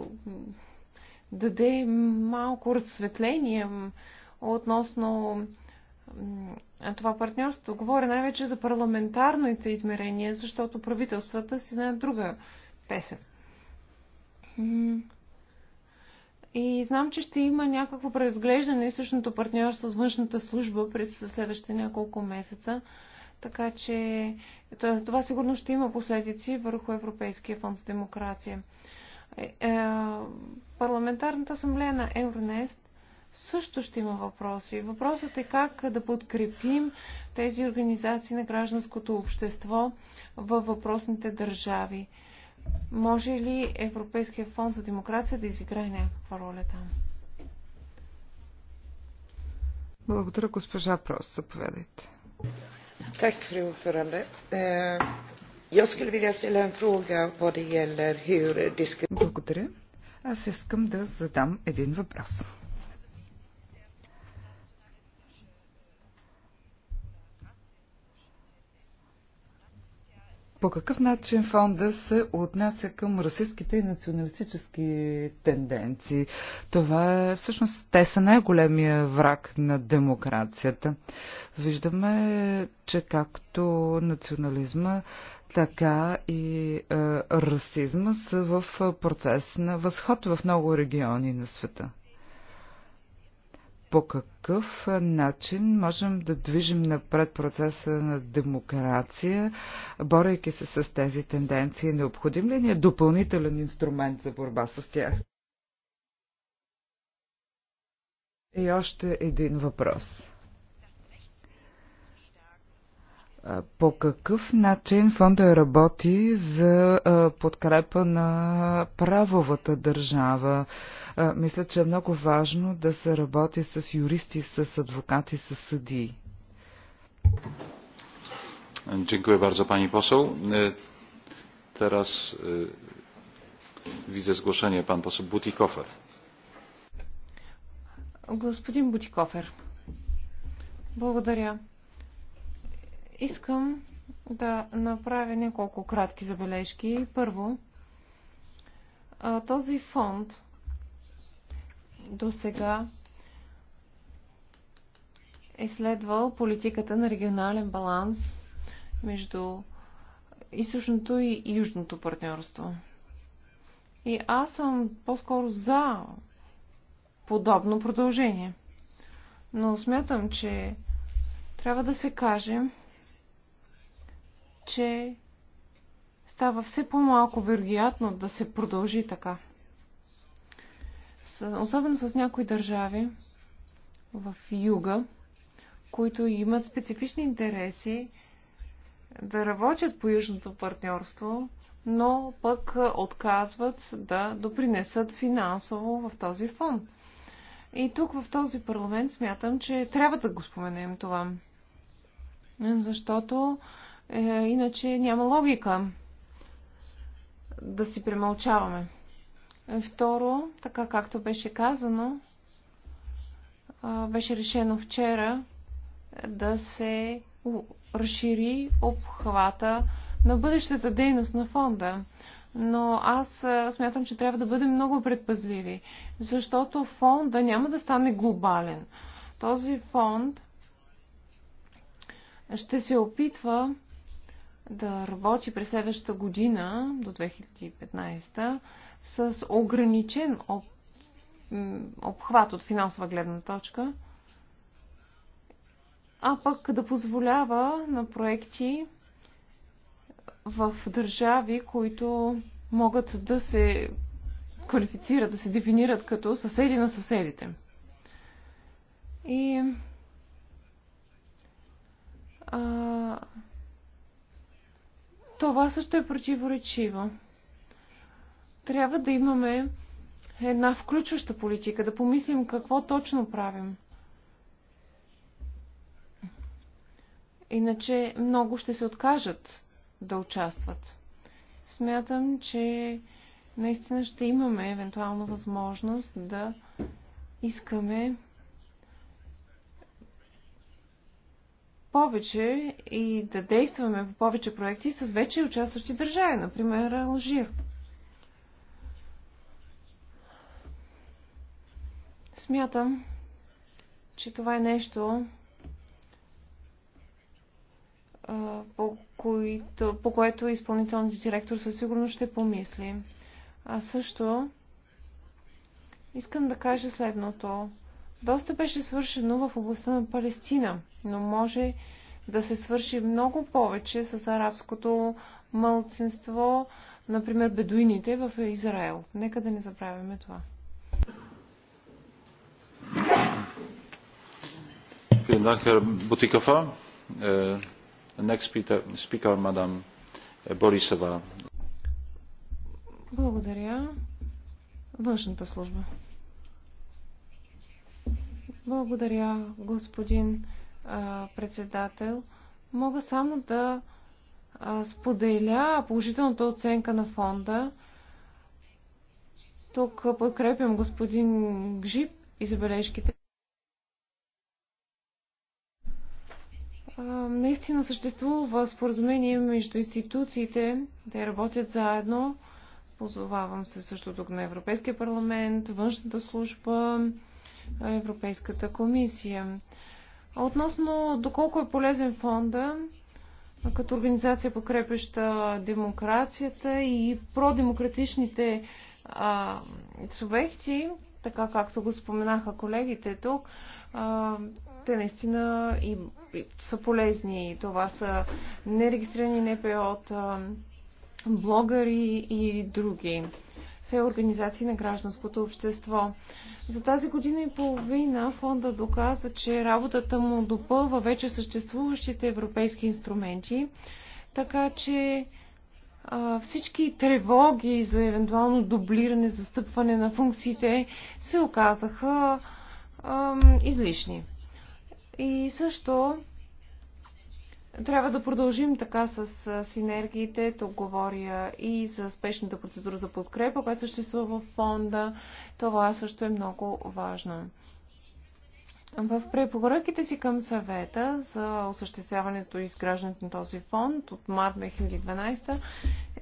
даде малко разсветление относно това партньорство. Говоря най-вече за парламентарните измерения, защото правителствата си знаят друга песен. И знам, че ще има някакво преразглеждане и същото партньорство с външната служба през следващите няколко месеца. Така че това сигурно ще има последици върху Европейския фонд за демокрация. Е, е, Парламентарната асамблея на Евронест също ще има въпроси. Въпросът е как да подкрепим тези организации на гражданското общество във въпросните държави. Може ли Европейския фонд за демокрация да изиграе някаква роля там? Благодаря, госпожа Прос. Заповядайте. Tack, fru ordförande. Е, jag skulle vilja ställa en fråga vad det gäller hur Благодаря. Аз искам да задам един въпрос. по какъв начин фонда се отнася към расистските и националистически тенденции? Това е, всъщност, те са най-големия враг на демокрацията. Виждаме, че както национализма, така и е, расизма са в процес на възход в много региони на света по какъв начин можем да движим напред процеса на демокрация, борейки се с тези тенденции? Необходим ли ни е допълнителен инструмент за борба с тях? И още един въпрос. По какъв начин фонда работи за подкрепа на правовата държава? Мисля, че е много важно да се работи с юристи, с адвокати, с съдии. Dziękuję bardzo pani poseł. Е, teraz e, widzę zgłoszenie pan poseł Butikofer. Господин Бутикофер, благодаря. Искам да направя няколко кратки забележки. Първо, този фонд до сега е следвал политиката на регионален баланс между източното и южното партньорство. И аз съм по-скоро за подобно продължение. Но смятам, че трябва да се кажем, че става все по-малко вероятно да се продължи така. Особено с някои държави в юга, които имат специфични интереси да работят по южното партньорство, но пък отказват да допринесат финансово в този фонд. И тук в този парламент смятам, че трябва да го споменем това. Защото е, иначе няма логика да си премълчаваме. Е, второ, така както беше казано, беше решено вчера да се разшири обхвата на бъдещата дейност на фонда. Но аз смятам, че трябва да бъдем много предпазливи, защото фонда няма да стане глобален. Този фонд ще се опитва да работи през следващата година, до 2015, с ограничен об... обхват от финансова гледна точка, а пък да позволява на проекти в държави, които могат да се квалифицират, да се дефинират като съседи на съседите. И а, това също е противоречиво. Трябва да имаме една включваща политика, да помислим какво точно правим. Иначе много ще се откажат да участват. Смятам, че наистина ще имаме евентуално възможност да искаме повече и да действаме по повече проекти с вече участващи държави, например Алжир. Смятам, че това е нещо, по, които, по което изпълнителният директор със сигурност ще помисли. А също искам да кажа следното. Доста беше свършено в областта на Палестина, но може да се свърши много повече с арабското мълцинство, например бедуините в Израел. Нека да не забравяме това. Äh, Благодаря. Външната служба. Благодаря, господин а, председател. Мога само да а, споделя положителната оценка на фонда. Тук подкрепям господин Гжип и забележките. наистина съществува споразумение между институциите, да работят заедно. Позовавам се също тук на Европейския парламент, външната служба, Европейската комисия. Относно доколко е полезен фонда, като организация покрепеща демокрацията и продемократичните а, субекти, така както го споменаха колегите тук, а, те наистина и, и са полезни. Това са нерегистрирани НПО от блогъри и други все организации на гражданското общество. За тази година и половина фонда доказа, че работата му допълва вече съществуващите европейски инструменти, така че а, всички тревоги за евентуално дублиране, застъпване на функциите се оказаха а, излишни. И също трябва да продължим така с синергиите. Тук говоря и за спешната процедура за подкрепа, която съществува в фонда. Това също е много важно. В препоръките си към съвета за осъществяването и изграждането на този фонд от март 2012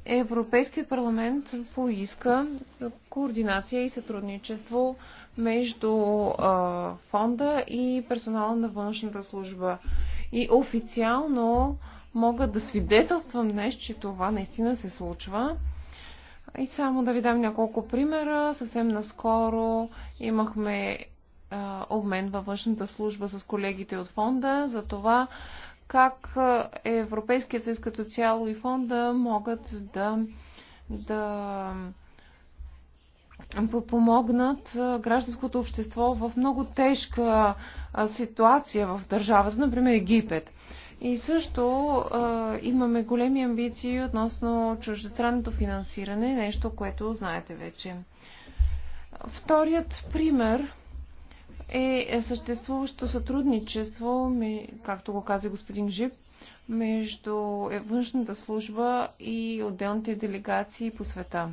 Европейският парламент поиска координация и сътрудничество между фонда и персонала на външната служба. И официално мога да свидетелствам днес, че това наистина се случва. И само да ви дам няколко примера. Съвсем наскоро имахме а, обмен във външната служба с колегите от фонда за това как Европейският съюз като цяло и фонда могат да, да помогнат гражданското общество в много тежка ситуация в държавата, например Египет. И също а, имаме големи амбиции относно чуждестранното финансиране, нещо, което знаете вече. Вторият пример е съществуващо сътрудничество, както го каза господин Жип, между е, външната служба и отделните делегации по света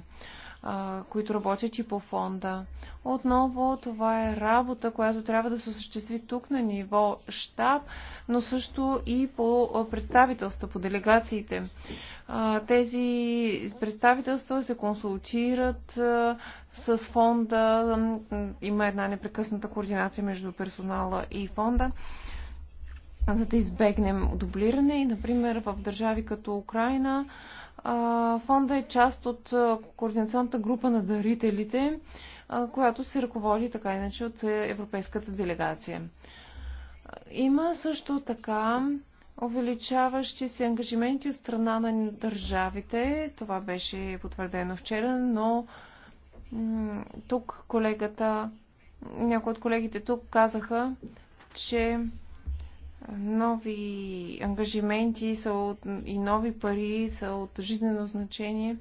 които работят и по фонда. Отново това е работа, която трябва да се осъществи тук на ниво щаб, но също и по представителства, по делегациите. Тези представителства се консултират с фонда, има една непрекъсната координация между персонала и фонда за да избегнем дублиране. И, например, в държави като Украина Фонда е част от координационната група на дарителите, която се ръководи така иначе от е, Европейската делегация. Има също така увеличаващи се ангажименти от страна на държавите. Това беше потвърдено вчера, но тук колегата, някои от колегите тук казаха, че нови ангажименти са от, и нови пари са от жизнено значение,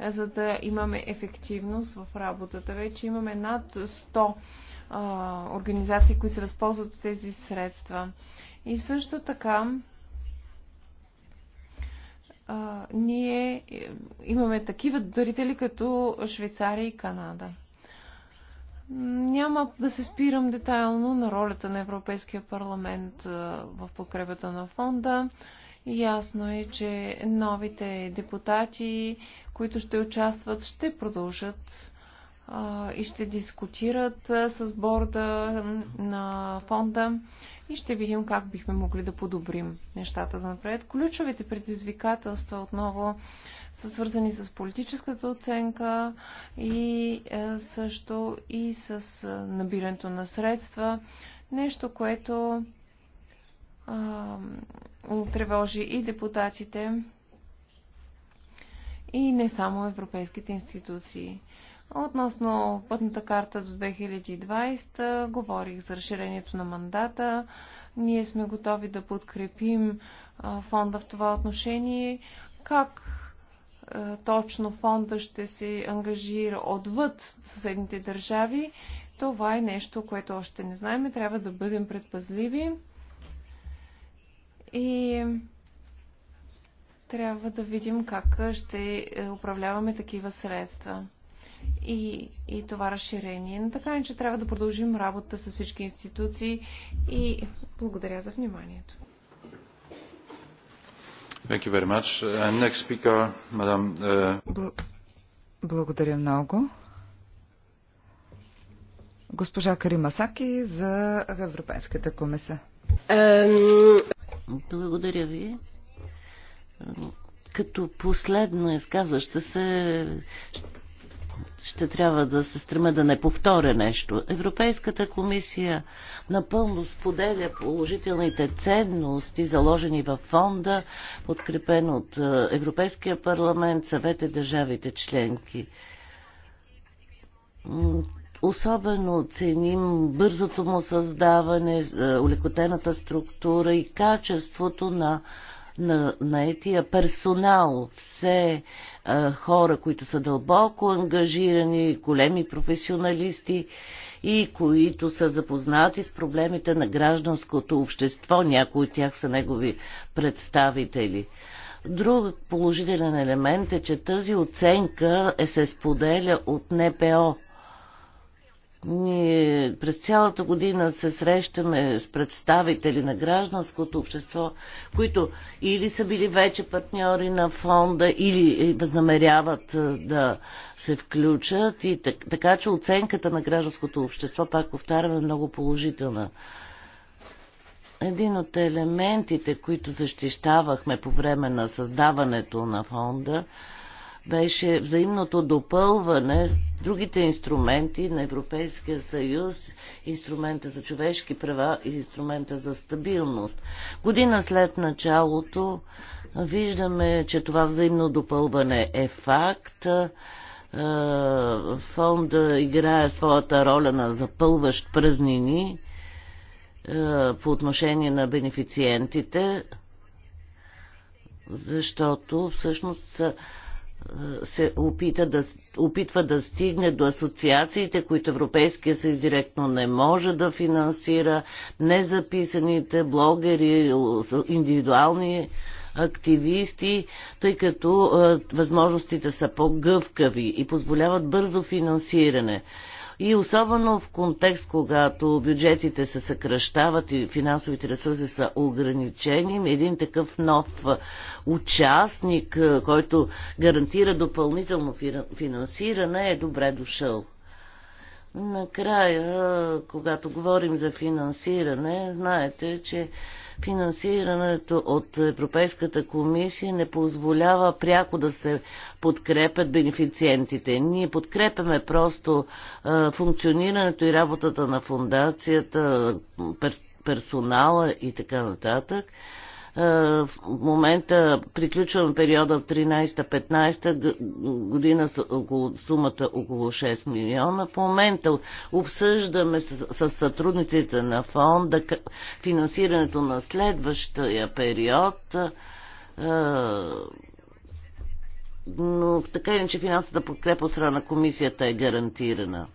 за да имаме ефективност в работата. Вече имаме над 100 а, организации, които се възползват от тези средства. И също така а, ние е, имаме такива дарители като Швейцария и Канада. Няма да се спирам детайлно на ролята на Европейския парламент в подкрепата на фонда. Ясно е, че новите депутати, които ще участват, ще продължат и ще дискутират с борда на фонда и ще видим как бихме могли да подобрим нещата за напред. Ключовите предизвикателства отново са свързани с политическата оценка и е, също и с е, набирането на средства. Нещо, което тревожи и депутатите, и не само европейските институции. Относно пътната карта до 2020, говорих за разширението на мандата. Ние сме готови да подкрепим фонда в това отношение. Как е, точно фонда ще се ангажира отвъд съседните държави, това е нещо, което още не знаем. Трябва да бъдем предпазливи и трябва да видим как ще е, управляваме такива средства и, и това разширение. Но така че трябва да продължим работа с всички институции и благодаря за вниманието. Uh, uh, благодаря много. Госпожа Карима Саки за Европейската комиса. Благодаря ви. Като последна изказваща се ще трябва да се стреме да не повторя нещо. Европейската комисия напълно споделя положителните ценности, заложени във фонда, подкрепен от е, Европейския парламент, съвете държавите членки. Особено ценим бързото му създаване, е, улекотената структура и качеството на на наетия персонал, все а, хора, които са дълбоко ангажирани, големи професионалисти и които са запознати с проблемите на гражданското общество. Някои от тях са негови представители. Друг положителен елемент е, че тази оценка е се споделя от НПО – ние през цялата година се срещаме с представители на гражданското общество, които или са били вече партньори на фонда, или възнамеряват да се включат. И така, така че оценката на гражданското общество, пак повтаряме, е много положителна. Един от елементите, които защищавахме по време на създаването на фонда, беше взаимното допълване с другите инструменти на Европейския съюз, инструмента за човешки права и инструмента за стабилност. Година след началото виждаме, че това взаимно допълване е факт. Фонда играе своята роля на запълващ празнини по отношение на бенефициентите, защото всъщност са се опита да, опитва да стигне до асоциациите, които Европейския съюз директно не може да финансира, незаписаните блогери, индивидуални активисти, тъй като възможностите са по-гъвкави и позволяват бързо финансиране. И особено в контекст, когато бюджетите се съкръщават и финансовите ресурси са ограничени, един такъв нов участник, който гарантира допълнително финансиране, е добре дошъл. Накрая, когато говорим за финансиране, знаете, че Финансирането от Европейската комисия не позволява пряко да се подкрепят бенефициентите. Ние подкрепяме просто а, функционирането и работата на фундацията, персонала и така нататък е, в момента приключваме периода от 13-15 година с около, сумата около 6 милиона. В момента обсъждаме с, с сътрудниците на фонда финансирането на следващия период е, но така иначе финансовата подкрепа от страна на комисията е гарантирана.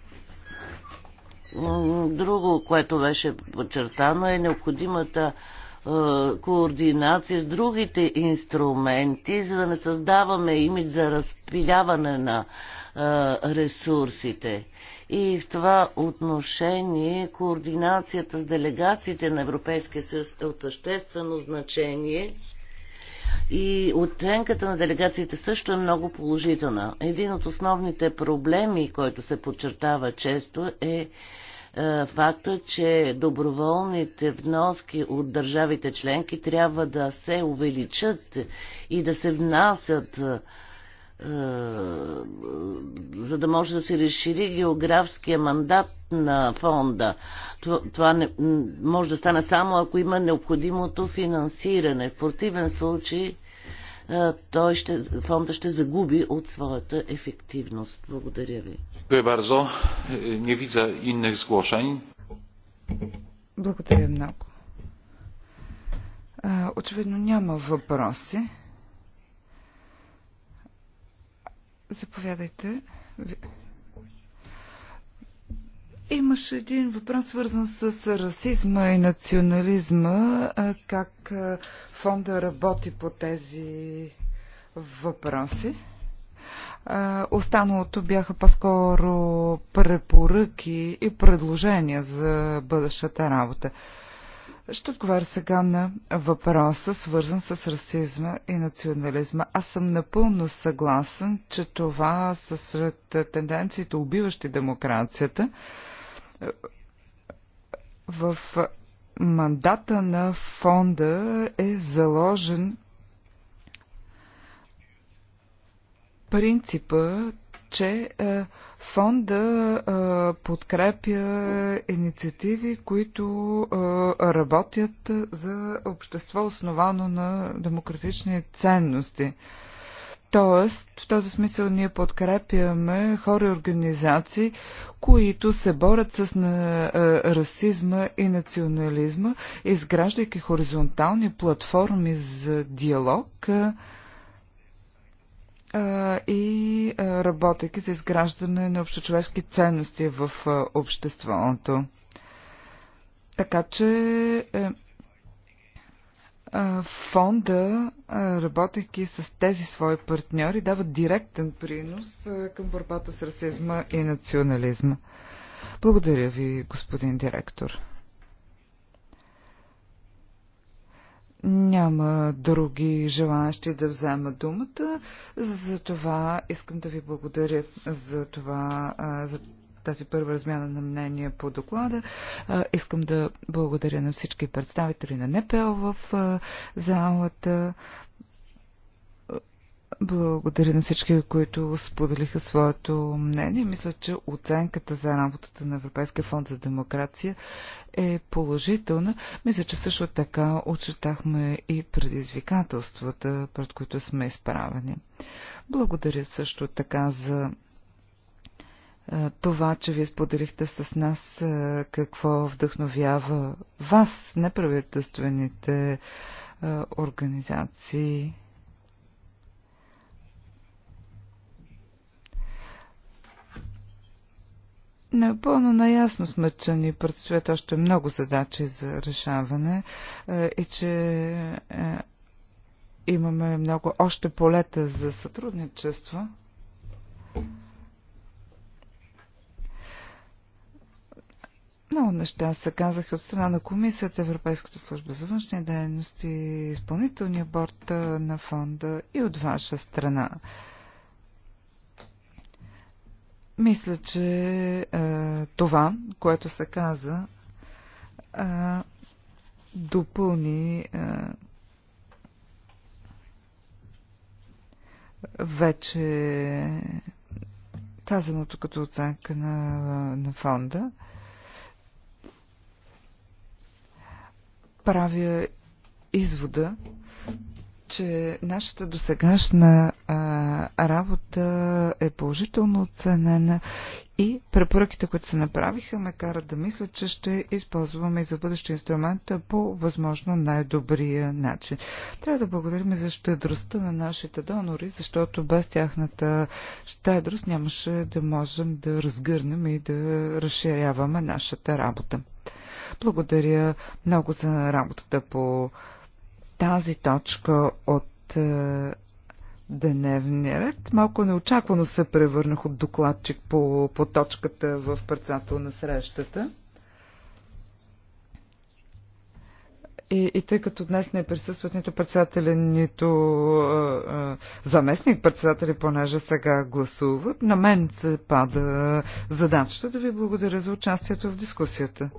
Друго, което беше подчертано е необходимата е, координация с другите инструменти, за да не създаваме имидж за разпиляване на е, ресурсите. И в това отношение координацията с делегациите на Европейския съюз е от съществено значение и оценката на делегациите също е много положителна. Един от основните проблеми, който се подчертава често е е, факта, че доброволните вноски от държавите членки трябва да се увеличат и да се внасят е, е, за да може да се разшири географския мандат на фонда. Това не, може да стане само ако има необходимото финансиране. В противен случай той ще, фонда ще загуби от своята ефективност. Благодаря ви. Не видя инних сглошен. Благодаря много. Очевидно няма въпроси. Заповядайте. Имаше един въпрос, свързан с расизма и национализма. Как фонда работи по тези въпроси? Останалото бяха по-скоро препоръки и предложения за бъдещата работа. Ще отговаря сега на въпроса, свързан с расизма и национализма. Аз съм напълно съгласен, че това са сред тенденциите, убиващи демокрацията. В мандата на фонда е заложен принципа, че е, фонда е, подкрепя инициативи, които е, работят за общество, основано на демократични ценности. Тоест, в този смисъл ние подкрепяме хора и организации, които се борят с на, расизма и национализма, изграждайки хоризонтални платформи за диалог и работейки за изграждане на общочовешки ценности в обществото. Така че е, фонда, работейки с тези свои партньори, дава директен принос към борбата с расизма и национализма. Благодаря ви, господин директор. Няма други желаящи да взема думата. За това искам да ви благодаря за това, за тази първа размяна на мнение по доклада. Искам да благодаря на всички представители на НПО в залата. Благодаря на всички, които споделиха своето мнение. Мисля, че оценката за работата на Европейския фонд за демокрация е положителна. Мисля, че също така очетахме и предизвикателствата, пред които сме изправени. Благодаря също така за това, че вие споделихте с нас какво вдъхновява вас, неправителствените организации. Напълно наясно сме, че ни предстоят още много задачи за решаване е, и че е, имаме много още полета за сътрудничество. Много неща се казаха от страна на комисията, Европейската служба за външни дейности, изпълнителния борт е, на фонда и от ваша страна. Мисля, че е, това, което се каза, е, допълни е, вече казаното като оценка на, на фонда. Правя извода, че нашата досегашна а, работа е положително оценена и препоръките, които се направиха, ме карат да мисля, че ще използваме и за бъдещи инструмента по възможно най-добрия начин. Трябва да благодарим за щедростта на нашите донори, защото без тяхната щедрост нямаше да можем да разгърнем и да разширяваме нашата работа. Благодаря много за работата по тази точка от е, дневния ред. Малко неочаквано се превърнах от докладчик по, по точката в председател на срещата. И, и тъй като днес не присъстват нито председателя, нито е, е, заместник председатели, понеже сега гласуват, на мен се пада задачата да ви благодаря за участието в дискусията.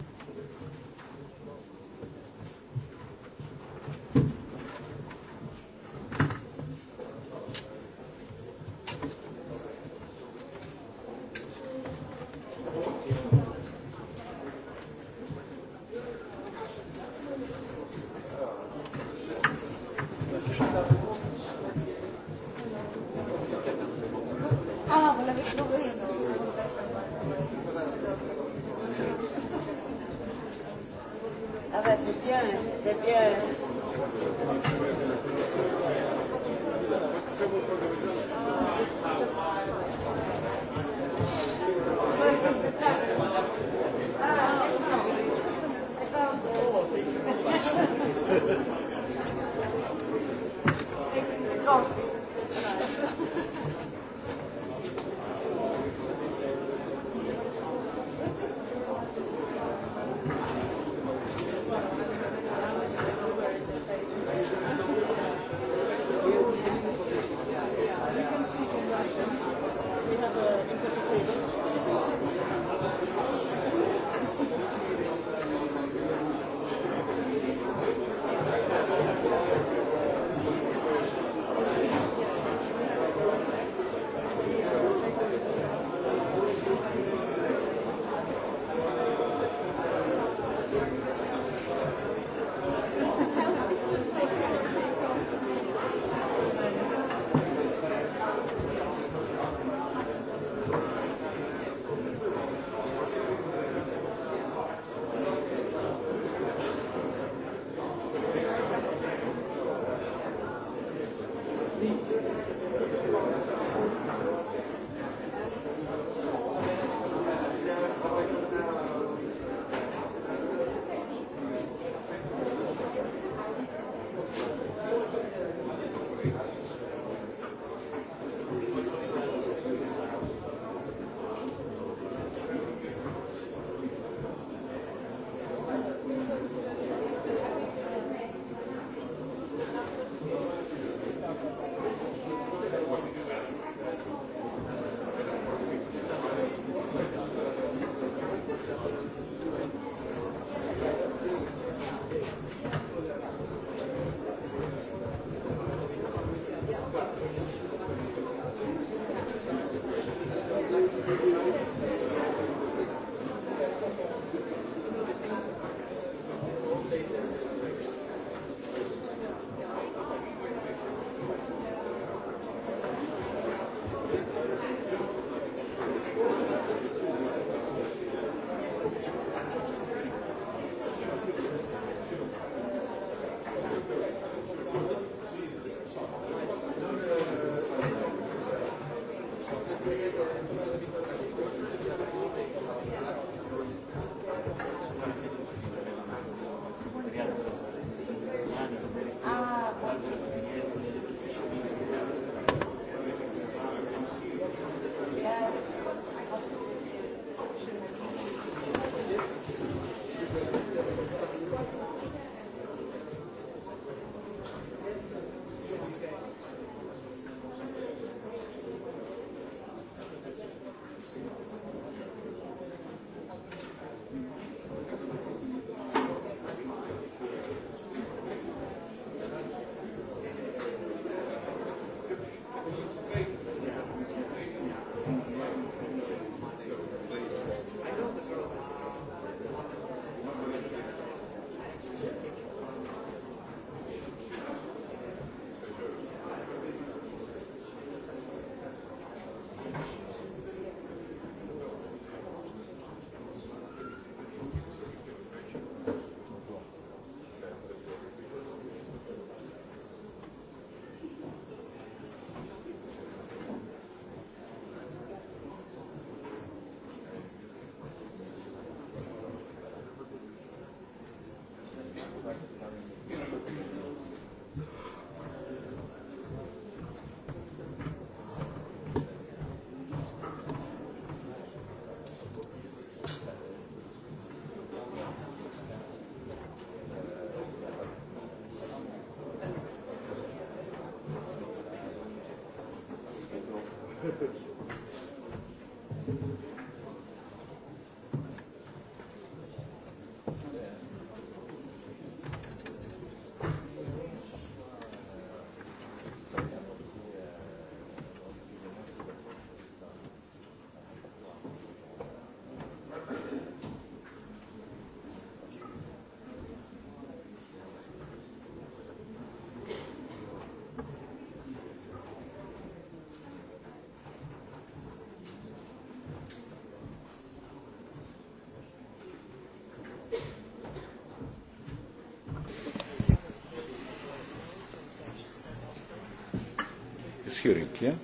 hearing, yeah?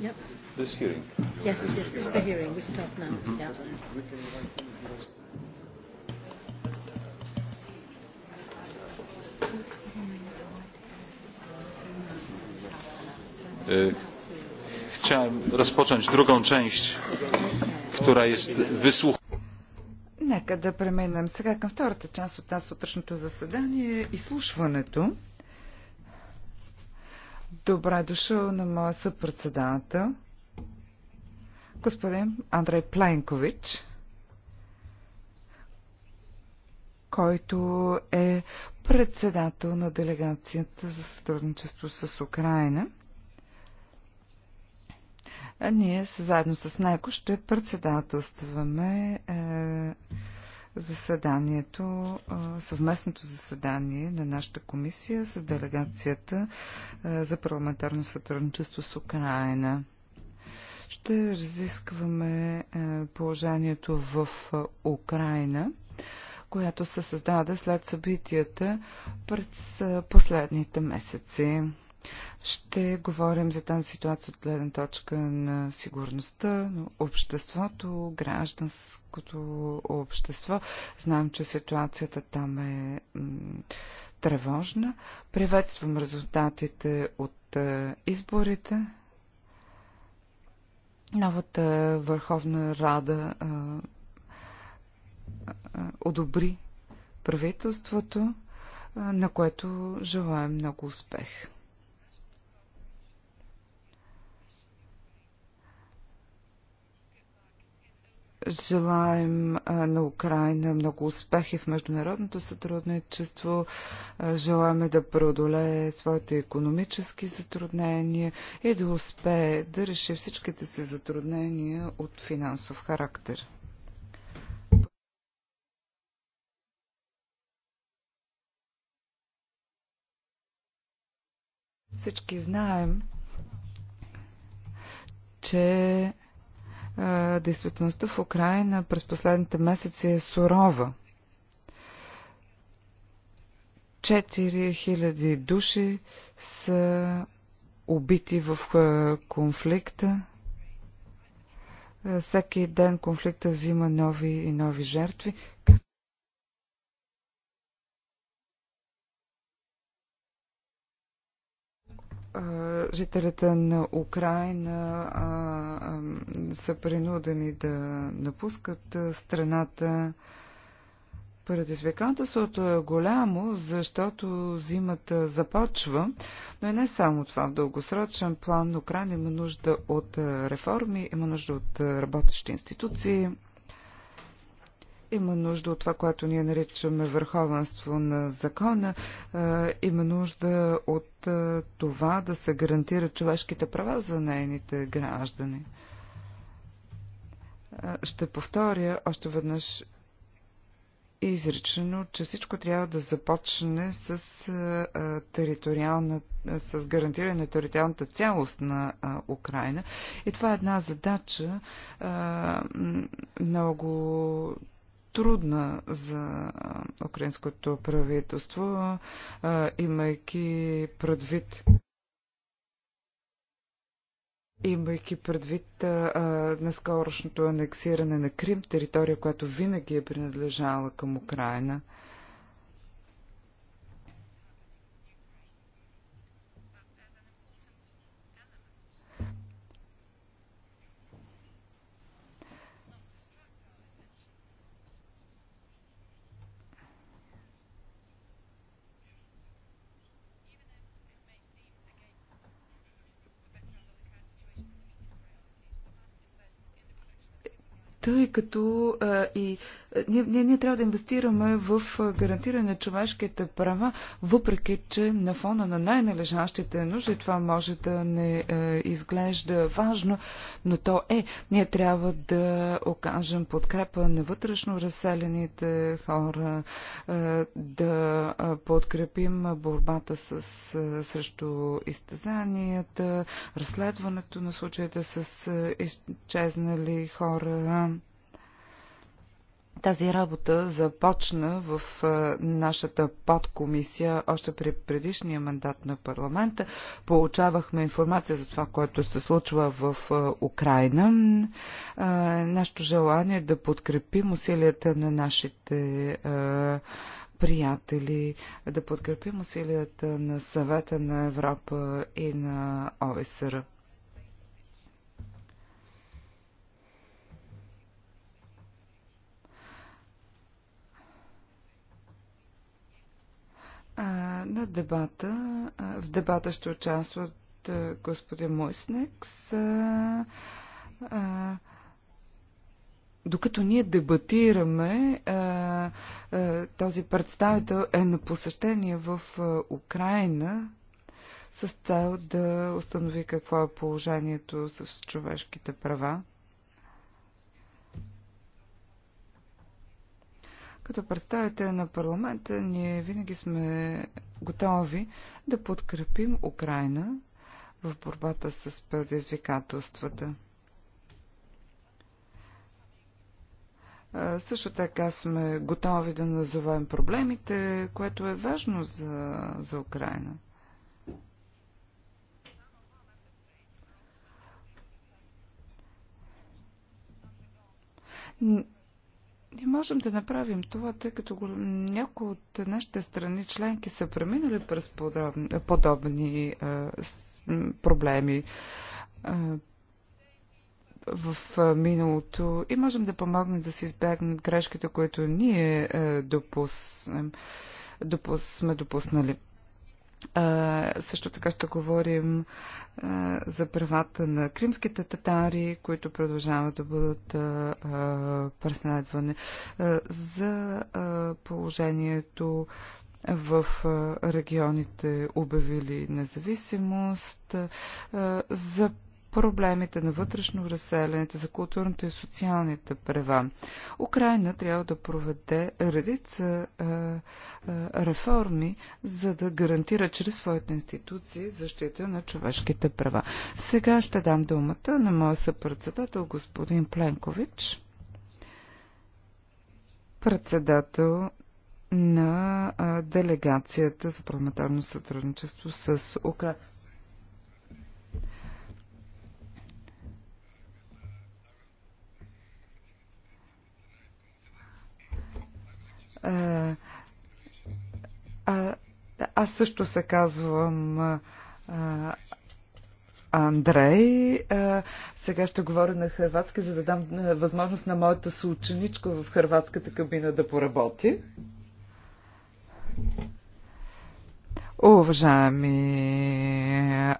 Yep. This hearing. Yes, this yes, this is the hearing. We stop now. Mm-hmm. Yeah. Chciałem rozpocząć drugą część, która jest wysłuchana. Нека да преминем сега към втората част от нас сутрешното заседание и слушването. Добре дошъл на моя съпредседател, господин Андрей Пленкович, който е председател на делегацията за сътрудничество с Украина. А ние заедно с него ще председателстваме е, заседанието, съвместното заседание на нашата комисия с делегацията за парламентарно сътрудничество с Украина. Ще разискваме положението в Украина, която се създаде след събитията през последните месеци. Ще говорим за тази ситуация от гледна точка на сигурността, на обществото, гражданското общество. Знам, че ситуацията там е тревожна. Приветствам резултатите от е, изборите. Новата Върховна Рада е, е, одобри правителството, на което желаем много успех. Желаем на Украина много успехи в международното сътрудничество. Желаем да преодолее своите економически затруднения и да успее да реши всичките си затруднения от финансов характер. Всички знаем, че действителността в Украина през последните месеци е сурова. 4000 души са убити в конфликта. Всеки ден конфликта взима нови и нови жертви. жителите на Украина са принудени да напускат страната. Предизвикателството е голямо, защото зимата започва, но и е не само това. В дългосрочен план Украина има нужда от реформи, има нужда от работещи институции. Има нужда от това, което ние наричаме върховенство на закона. Има нужда от това да се гарантират човешките права за нейните граждани. Ще повторя още веднъж изречено, че всичко трябва да започне с, териториална, с гарантиране на териториалната цялост на Украина. И това е една задача много трудна за украинското правителство, имайки предвид Имайки предвид а, наскорошното анексиране на Крим, територия, която винаги е принадлежала към Украина. тъй като а, и ние, ние, ние трябва да инвестираме в гарантиране на човешките права, въпреки че на фона на най-належащите нужди това може да не е, изглежда важно, но то е. Ние трябва да окажем подкрепа на вътрешно разселените хора, е, да подкрепим борбата с, е, срещу изтезанията, разследването на случаите с е, изчезнали хора тази работа започна в нашата подкомисия още при предишния мандат на парламента. Получавахме информация за това, което се случва в Украина. Нашето желание е да подкрепим усилията на нашите приятели, да подкрепим усилията на съвета на Европа и на ОСР. Е на дебата, в дебата ще участват господин Мойснекс. Докато ние дебатираме, този представител е на посещение в Украина с цел да установи какво е положението с човешките права. Като представител на парламента, ние винаги сме готови да подкрепим Украина в борбата с предизвикателствата. Също така сме готови да назовем проблемите, което е важно за, за Украина. Н- не можем да направим това, тъй като някои от нашите страни членки са преминали през подобни, подобни а, проблеми а, в а, миналото и можем да помогнем да се избегнат грешките, които ние а, допус, допус, сме допуснали също така ще говорим за правата на кримските татари, които продължават да бъдат преследвани, за положението в регионите обявили независимост, за проблемите на вътрешно разселените, за културните и социалните права. Украина трябва да проведе редица е, е, реформи, за да гарантира чрез своите институции защита на човешките права. Сега ще дам думата на моя съпредседател господин Пленкович, председател на е, делегацията за парламентарно сътрудничество с Украина. А, а, аз също се казвам а, Андрей. А, сега ще говоря на хрватски, за да дам възможност на моята съученичка в хрватската кабина да поработи. Уважаеми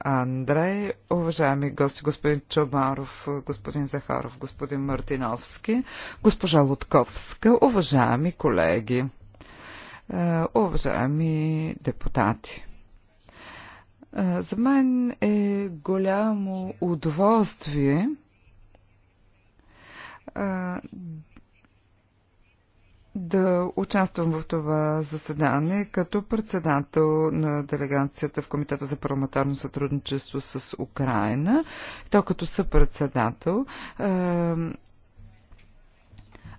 Андрей, уважаеми гости, господин Чобаров, господин Захаров, господин Мартиновски, госпожа Лутковска, уважаеми колеги, е, уважаеми депутати. Е, за мен е голямо удоволствие е, да участвам в това заседание като председател на делегацията в Комитета за парламентарно сътрудничество с Украина. То като съпредседател. Е,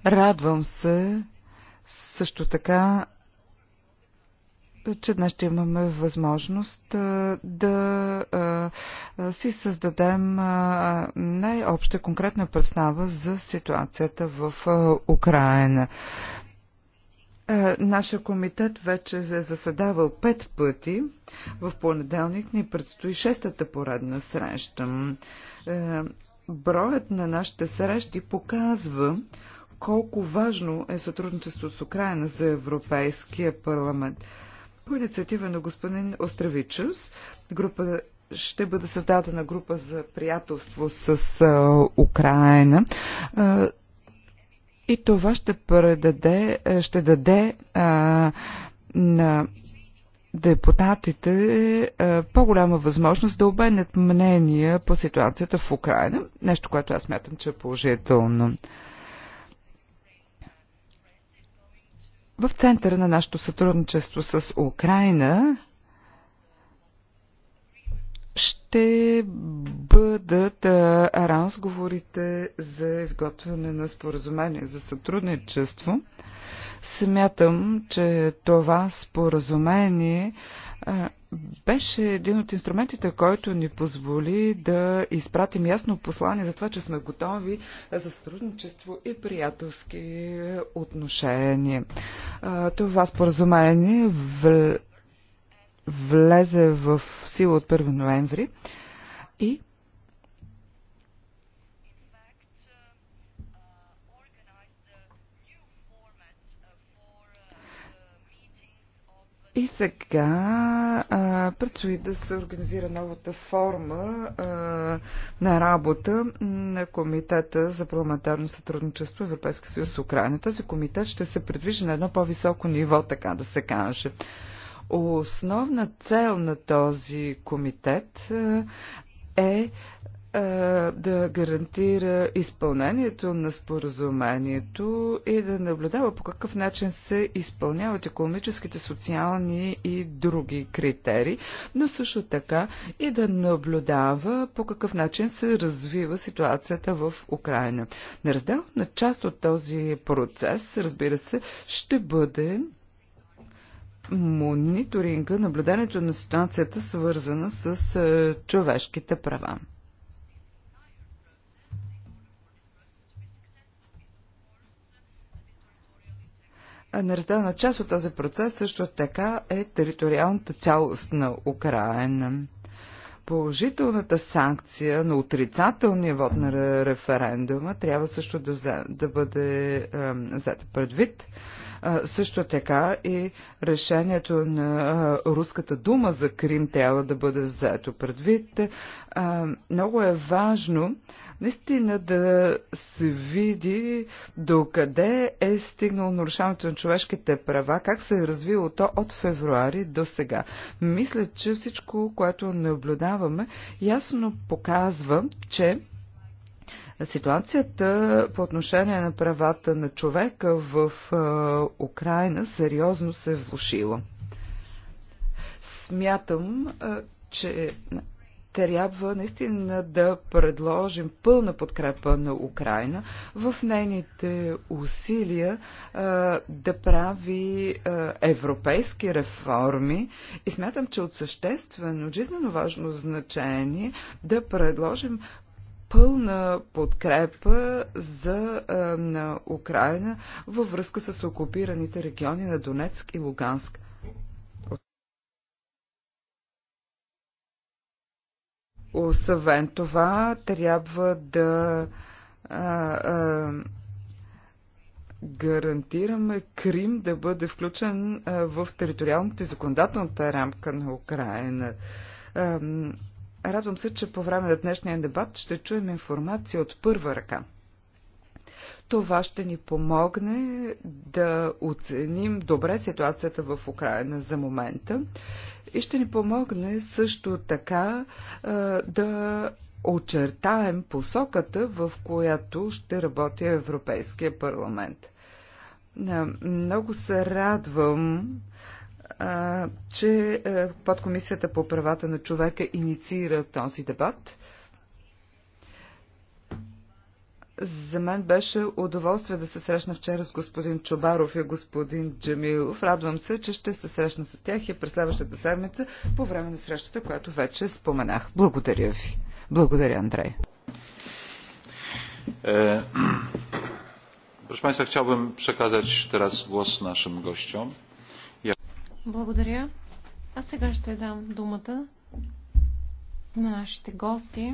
радвам се също така, че днес ще имаме възможност е, да е, си създадем е, най-обща конкретна представа за ситуацията в Украина. Е, нашия комитет вече е заседавал пет пъти. В понеделник ни предстои шестата поредна среща. Е, броят на нашите срещи показва колко важно е сътрудничество с Украина за Европейския парламент. По инициатива на господин Остравичус, група ще бъде създадена група за приятелство с е, Украина, и това ще предаде, е, ще даде а, на депутатите е, по-голяма възможност да обменят мнения по ситуацията в Украина. Нещо, което аз мятам, че е положително. В центъра на нашето сътрудничество с Украина ще бъдат а, разговорите за изготвяне на споразумение за сътрудничество. Смятам, че това споразумение а, беше един от инструментите, който ни позволи да изпратим ясно послание за това, че сме готови за сътрудничество и приятелски отношения. Това споразумение в влезе в сила от 1 ноември и И сега а, предстои да се организира новата форма а, на работа на Комитета за парламентарно сътрудничество Европейска съюз с Украина. Този комитет ще се предвижда на едно по-високо ниво, така да се каже. Основна цел на този комитет е, е да гарантира изпълнението на споразумението и да наблюдава по какъв начин се изпълняват економическите, социални и други критерии, но също така и да наблюдава по какъв начин се развива ситуацията в Украина. Неразделна част от този процес, разбира се, ще бъде мониторинга, наблюдението на ситуацията, свързана с е, човешките права. Неразделна част от този процес също така е териториалната цялост на Украина положителната санкция на отрицателния вод на референдума трябва също да, да бъде взета предвид. също така и решението на Руската дума за Крим трябва да бъде взето предвид. много е важно наистина да се види докъде е стигнало нарушаването на човешките права, как се е развило то от февруари до сега. Мисля, че всичко, което наблюдаваме, ясно показва, че Ситуацията по отношение на правата на човека в Украина сериозно се е влушила. Смятам, че трябва наистина да предложим пълна подкрепа на Украина в нейните усилия а, да прави а, европейски реформи и смятам, че от съществено, жизненно важно значение да предложим пълна подкрепа за, а, на Украина във връзка с окупираните региони на Донецк и Луганск. Освен това, трябва да а, а, гарантираме Крим да бъде включен а, в териториалната и законодателната рамка на Украина. А, радвам се, че по време на днешния дебат ще чуем информация от първа ръка. Това ще ни помогне да оценим добре ситуацията в Украина за момента и ще ни помогне също така да очертаем посоката, в която ще работи Европейския парламент. Много се радвам, че подкомисията по правата на човека инициира този дебат За мен беше удоволствие да се срещна вчера с господин Чобаров и господин Джамилов. Радвам се, че ще се срещна с тях и през следващата седмица по време на срещата, която вече споменах. Благодаря ви. Благодаря, Андрей. Е, proszę Państwa, chciałbym przekazać teraz głos naszym gościom. Ja... Благодаря. А сега ще дам думата на нашите гости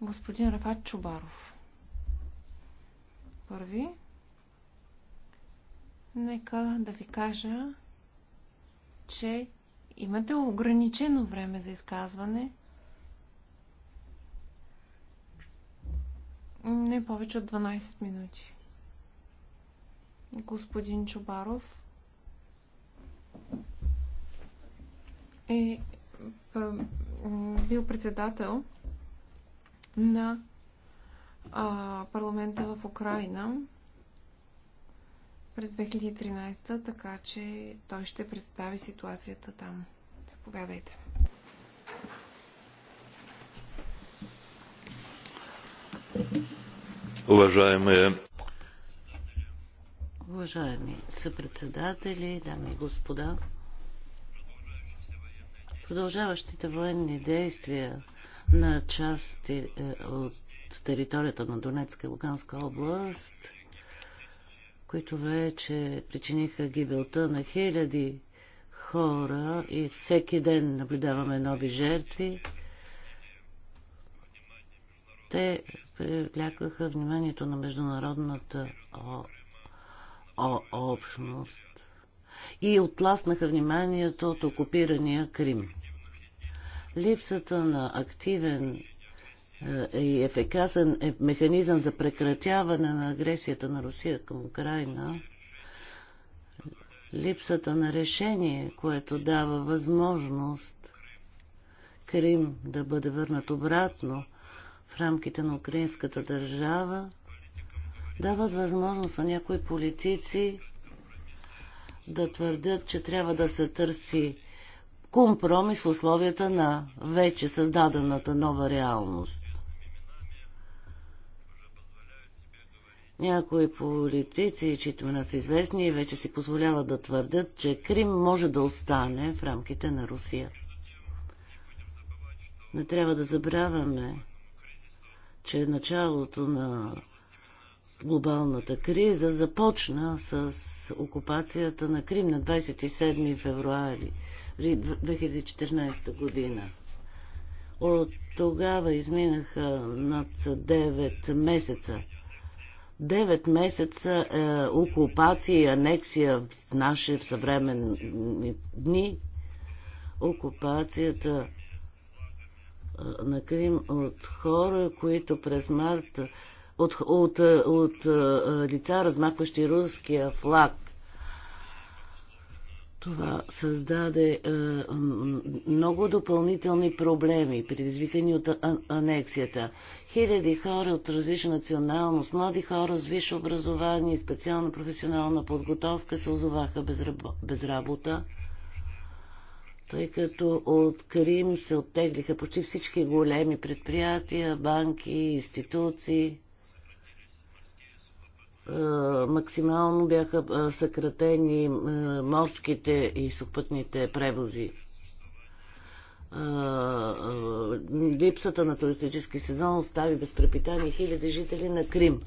господин Рафат Чубаров. Първи, нека да ви кажа, че имате ограничено време за изказване. Не повече от 12 минути. Господин Чубаров е бил председател на а, парламента в Украина през 2013, така че той ще представи ситуацията там. Заповядайте. Уважаемые Уважаеми съпредседатели, дами и господа, продължаващите военни действия на части е, от територията на Донецка и Луганска област, които вече причиниха гибелта на хиляди хора и всеки ден наблюдаваме нови жертви. Те привлякаха вниманието на международната о... О... общност и отласнаха вниманието от окупирания Крим. Липсата на активен е, и ефекасен е механизъм за прекратяване на агресията на Русия към Украина, липсата на решение, което дава възможност Крим да бъде върнат обратно в рамките на украинската държава, дават възможност на някои политици да твърдят, че трябва да се търси компромис в условията на вече създадената нова реалност. Някои политици, чието имена са известни, вече си позволяват да твърдят, че Крим може да остане в рамките на Русия. Не трябва да забравяме, че началото на глобалната криза започна с окупацията на Крим на 27 февруари 2014 година. От тогава изминаха над 9 месеца. 9 месеца е, окупация и анексия в наши в съвременни дни. Окупацията е, на Крим от хора, които през март от, от, от, от е, лица, размахващи руския флаг, това създаде е, много допълнителни проблеми, предизвикани от анексията. Хиляди хора от различна националност, млади хора с висше образование и специална професионална подготовка се озоваха без, рабо, без работа, тъй като от Крим се оттеглиха почти всички големи предприятия, банки, институции. Е, максимално бяха е, съкратени е, морските и сухопътните превози. Липсата на туристически сезон остави безпрепитани хиляди жители на Крим.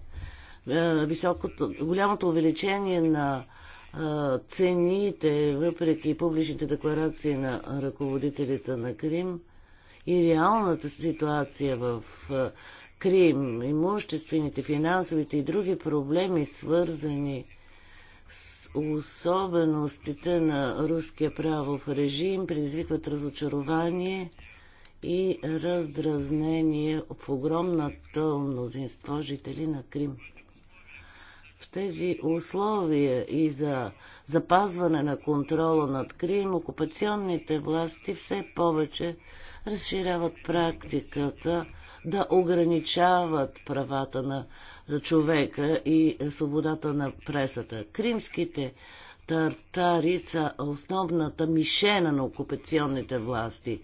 Високото, голямото увеличение на цените, въпреки публичните декларации на ръководителите на Крим и реалната ситуация в открием имуществените, финансовите и други проблеми, свързани с особеностите на руския правов режим, предизвикват разочарование и раздразнение в огромната мнозинство жители на Крим. В тези условия и за запазване на контрола над Крим, окупационните власти все повече разширяват практиката да ограничават правата на човека и свободата на пресата. Кримските тартари са основната мишена на окупационните власти.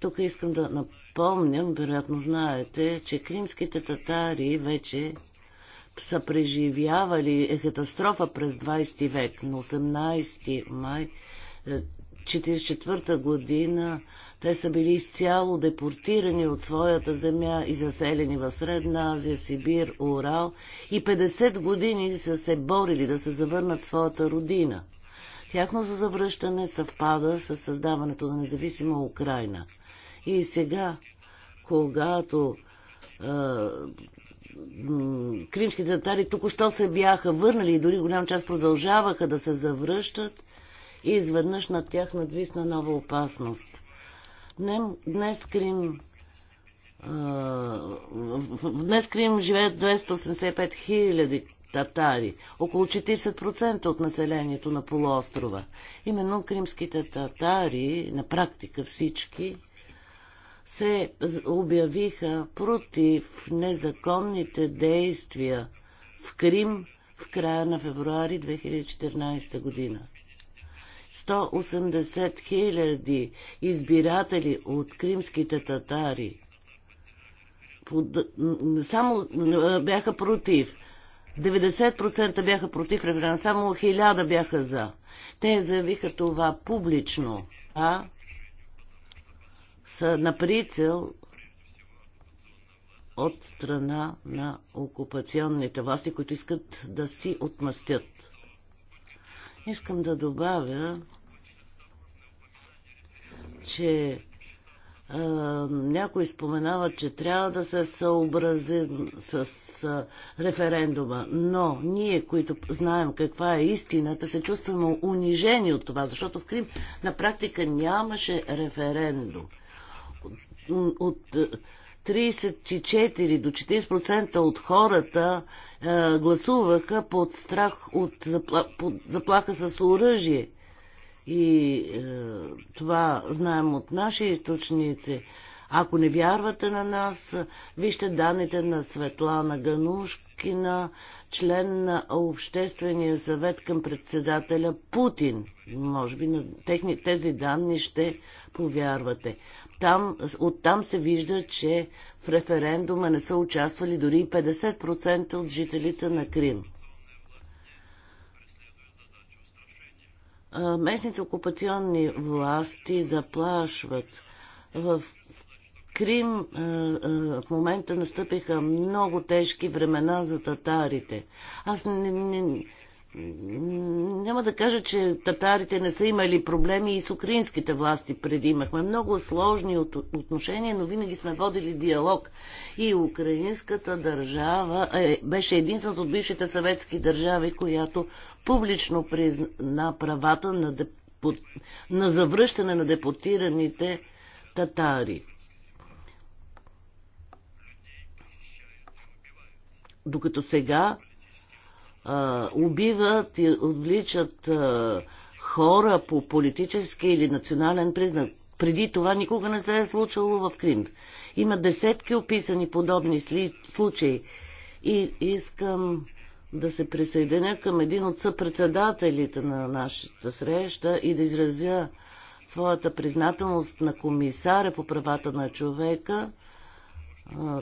Тук искам да напомням, вероятно знаете, че кримските татари вече са преживявали катастрофа през 20 век. На 18 май 1944 е, година те са били изцяло депортирани от своята земя и заселени в Средна Азия, Сибир, Урал и 50 години са се борили да се завърнат в своята родина. Тяхното завръщане съвпада с създаването на независима Украина. И сега, когато е, кримските татари току-що се бяха върнали и дори голям част продължаваха да се завръщат, изведнъж над тях надвисна нова опасност – Днес Крим Днес Крим живеят 285 хиляди татари, около 40% от населението на полуострова. Именно кримските татари, на практика всички, се обявиха против незаконните действия в Крим в края на февруари 2014 година. 180 хиляди избиратели от кримските татари под... само бяха против. 90% бяха против референдум, само 1000 бяха за. Те заявиха това публично, а са на прицел от страна на окупационните власти, които искат да си отмъстят. Искам да добавя, че а, някой споменава, че трябва да се съобрази с а, референдума, но ние, които знаем каква е истината, се чувстваме унижени от това, защото в Крим на практика нямаше референдум. От, от 34 до 40% от хората е, гласуваха под страх от запла, под заплаха с оръжие. И е, това знаем от наши източници. Ако не вярвате на нас, вижте данните на Светлана Ганушкина, член на Обществения съвет към председателя Путин. Може би на техни, тези данни ще повярвате. Там, оттам се вижда, че в референдума не са участвали дори 50% от жителите на Крим. Местните окупационни власти заплашват в Крим е, е, в момента настъпиха много тежки времена за татарите. Аз не, не, няма да кажа, че татарите не са имали проблеми и с украинските власти преди. Имахме много сложни отношения, но винаги сме водили диалог. И украинската държава е, беше единствената от бившите съветски държави, която публично призна правата на, деп... на завръщане на депортираните татари. докато сега а, убиват и отвличат а, хора по политически или национален признак. Преди това никога не се е случило в Крим. Има десетки описани подобни сли... случаи. И искам да се присъединя към един от съпредседателите на нашата среща и да изразя своята признателност на комисаря по правата на човека,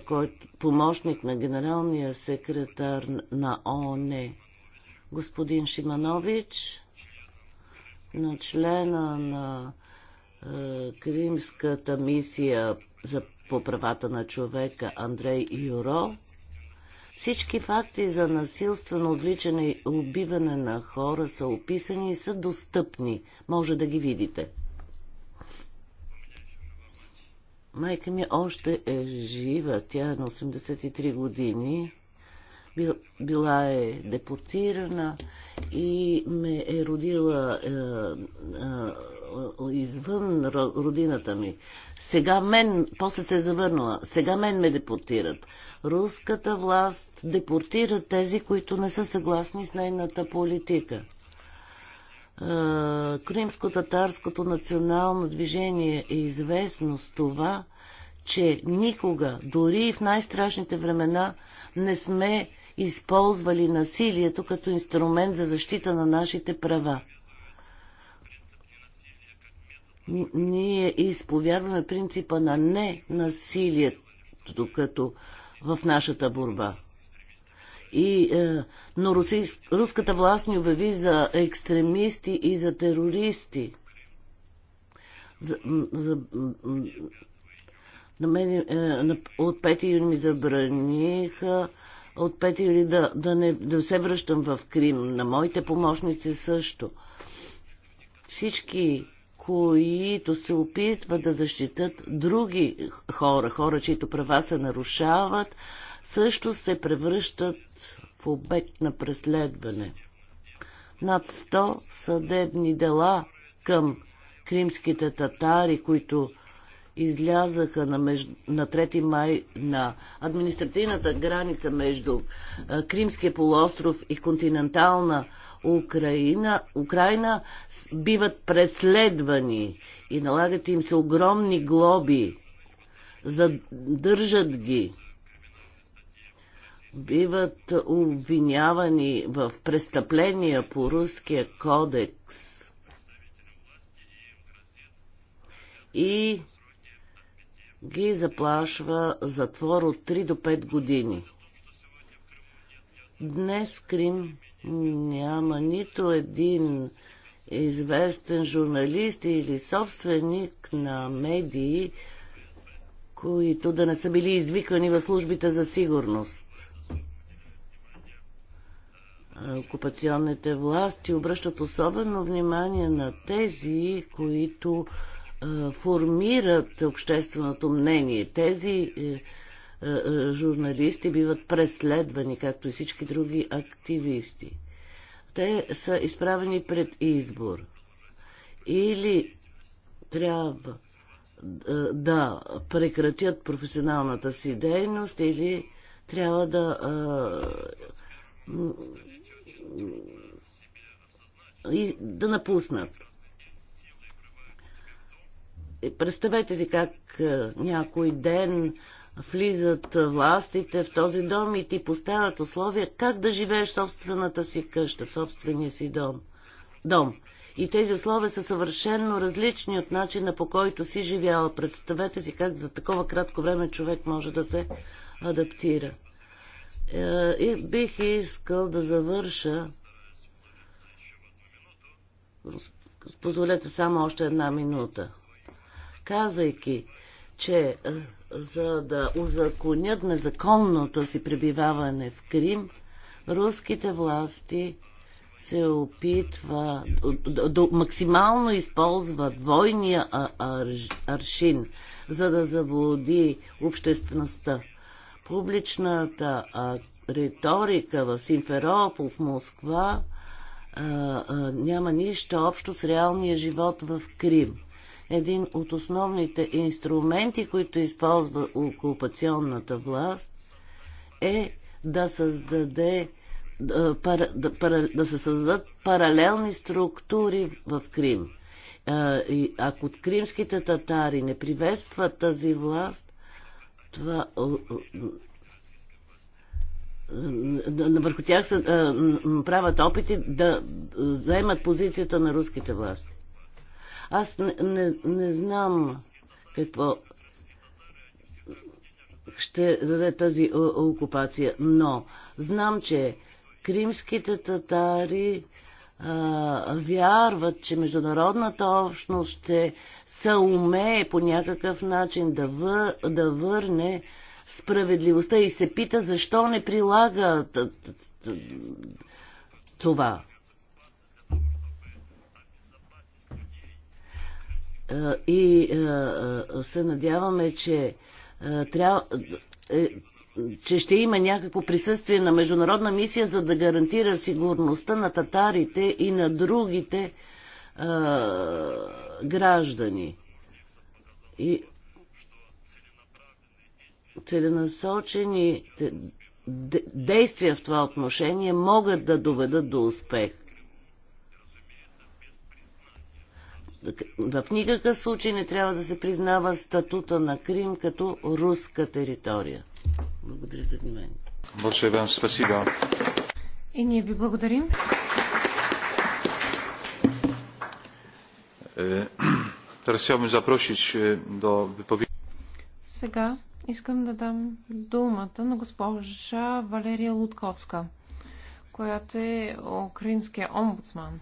който помощник на генералния секретар на ООН, господин Шиманович, на члена на е, Кримската мисия за по правата на човека Андрей Юро. Всички факти за насилствено отвличане и убиване на хора са описани и са достъпни. Може да ги видите. Майка ми още е жива. Тя е на 83 години. Била е депортирана и ме е родила е, е, извън родината ми. Сега мен, после се е завърнала, сега мен ме депортират. Руската власт депортира тези, които не са съгласни с нейната политика. Кримско-татарското национално движение е известно с това, че никога, дори и в най-страшните времена, не сме използвали насилието като инструмент за защита на нашите права. Ние изповядваме принципа на ненасилието като в нашата борба. И, е, но русийс, руската власт ни обяви за екстремисти и за терористи. За, за, на мен, е, на, от 5 юни ми забраниха от 5 юни да, да, не, да се връщам в Крим. На моите помощници също. Всички, които се опитват да защитат други хора, хора, чието права се нарушават, също се превръщат обект на преследване. Над 100 съдебни дела към кримските татари, които излязаха на, меж... на 3 май на административната граница между Кримския полуостров и континентална Украина, Украина биват преследвани и налагат им се огромни глоби, задържат ги биват обвинявани в престъпления по Руския кодекс и ги заплашва затвор от 3 до 5 години. Днес Крим няма нито един известен журналист или собственик на медии, които да не са били извикани в службите за сигурност окупационните власти обръщат особено внимание на тези, които формират общественото мнение. Тези е, е, журналисти биват преследвани, както и всички други активисти. Те са изправени пред избор. Или трябва е, да прекратят професионалната си дейност, или трябва да и да напуснат. Е, представете си как е, някой ден влизат властите в този дом и ти поставят условия как да живееш в собствената си къща, в собствения си дом. дом. И тези условия са съвършенно различни от начина по който си живяла. Представете си как за такова кратко време човек може да се адаптира. Е, и бих искал да завърша. Позволете само още една минута. Казвайки, че е, за да узаконят незаконното си пребиваване в Крим, руските власти се опитва да максимално използва двойния ар, аршин, за да заблуди обществеността. Публичната а, риторика в Симферопол, в Москва, а, а, няма нищо общо с реалния живот в Крим. Един от основните инструменти, които използва окупационната власт, е да създаде да, се създадат паралелни структури в Крим. ако кримските татари не приветстват тази власт, това върху тях се правят опити да заемат позицията на руските власти. Аз не, не, не знам какво ще даде тази окупация, но знам, че кримските татари а, вярват, че международната общност ще се умее по някакъв начин да, вър, да върне справедливостта и се пита защо не прилага това. И се надяваме, че трябва е, че ще има някакво присъствие на международна мисия, за да гарантира сигурността на татарите и на другите а, граждани. И целенасочени действия в това отношение могат да доведат до успех. В никакъв случай не трябва да се признава статута на Крим като руска територия. Благодаря за вниманието. Большое вам спасибо. И ние ви благодарим. Е, е, Сега искам да дам думата на госпожа Валерия Лутковска, която е украинския омбудсман.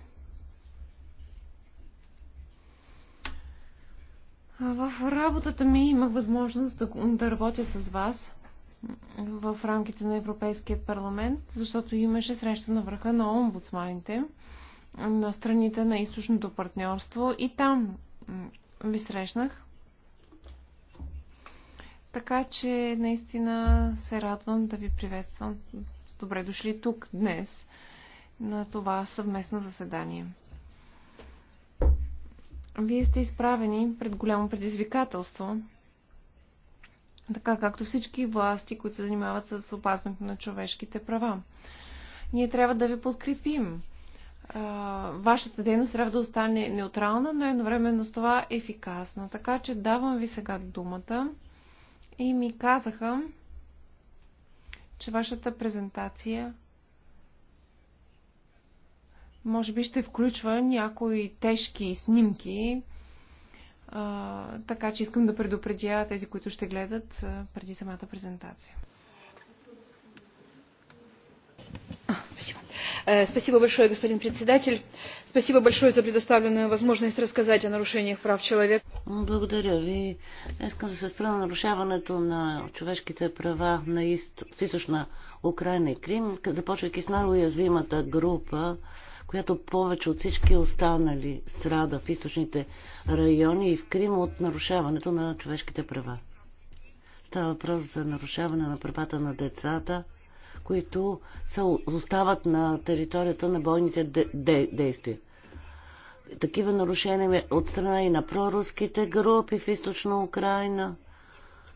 В работата ми имах възможност да, да работя с вас в рамките на Европейският парламент, защото имаше среща на върха на омбудсманите на страните на източното партньорство и там ви срещнах. Така че наистина се радвам да ви приветствам. Добре дошли тук днес на това съвместно заседание. Вие сте изправени пред голямо предизвикателство, така както всички власти, които се занимават с опазването на човешките права. Ние трябва да ви подкрепим. Вашата дейност трябва да остане неутрална, но едновременно с това ефикасна. Така че давам ви сега думата и ми казаха, че вашата презентация може би ще включва някои тежки снимки, а, така че искам да предупредя тези, които ще гледат преди самата презентация. Спасибо е, большое, господин председатель. Спасибо большое за предоставленную возможность рассказать о нарушениях прав человека. Благодаря ви. Искам да се спра на нарушаването на човешките права на източна Украина и Крим, започвайки с най-уязвимата група която повече от всички останали страда в източните райони и в Крим от нарушаването на човешките права. Става въпрос за нарушаване на правата на децата, които са, остават на територията на бойните де- де- действия. Такива нарушения от страна и на проруските групи в източна Украина,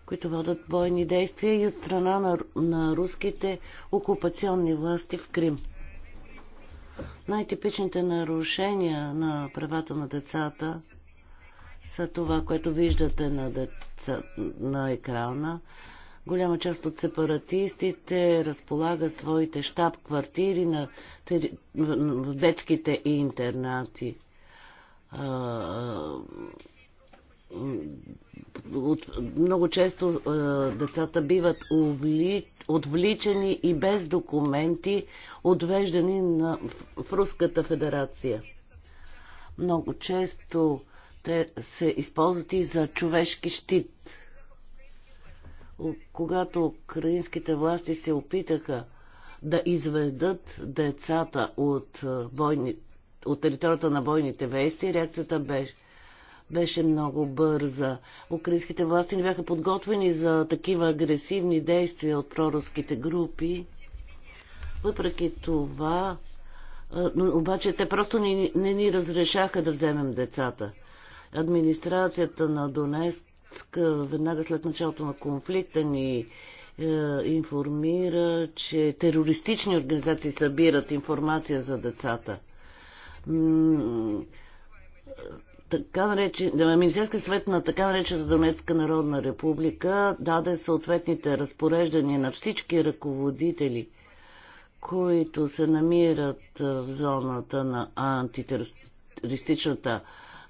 които водят бойни действия и от страна на, на руските окупационни власти в Крим най-типичните нарушения на правата на децата са това, което виждате на, деца, на екрана. Голяма част от сепаратистите разполага своите щаб-квартири на, в детските интернати много често е, децата биват отвличани и без документи, отвеждани на, в Руската федерация. Много често те се използват и за човешки щит. Когато украинските власти се опитаха да изведат децата от, бойни, е, от територията на бойните вести, реакцията беше – беше много бърза. Украинските власти не бяха подготвени за такива агресивни действия от проруските групи. Въпреки това, но, обаче те просто не, не ни разрешаха да вземем децата. Администрацията на Донецк веднага след началото на конфликта ни е, информира, че терористични организации събират информация за децата така наречен, Министерския съвет на така наречената Донецка народна република даде съответните разпореждания на всички ръководители, които се намират в зоната на антитерористичната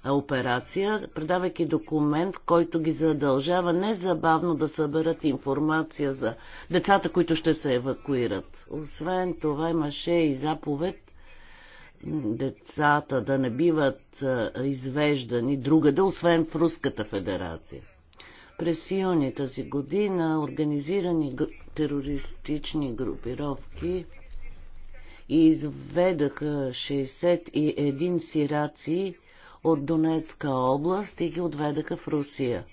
операция, предавайки документ, който ги задължава незабавно да съберат информация за децата, които ще се евакуират. Освен това имаше и заповед децата да не биват извеждани другаде, освен в Руската федерация. През юни тази година организирани терористични групировки изведаха 61 сираци от Донецка област и ги отведаха в Русия.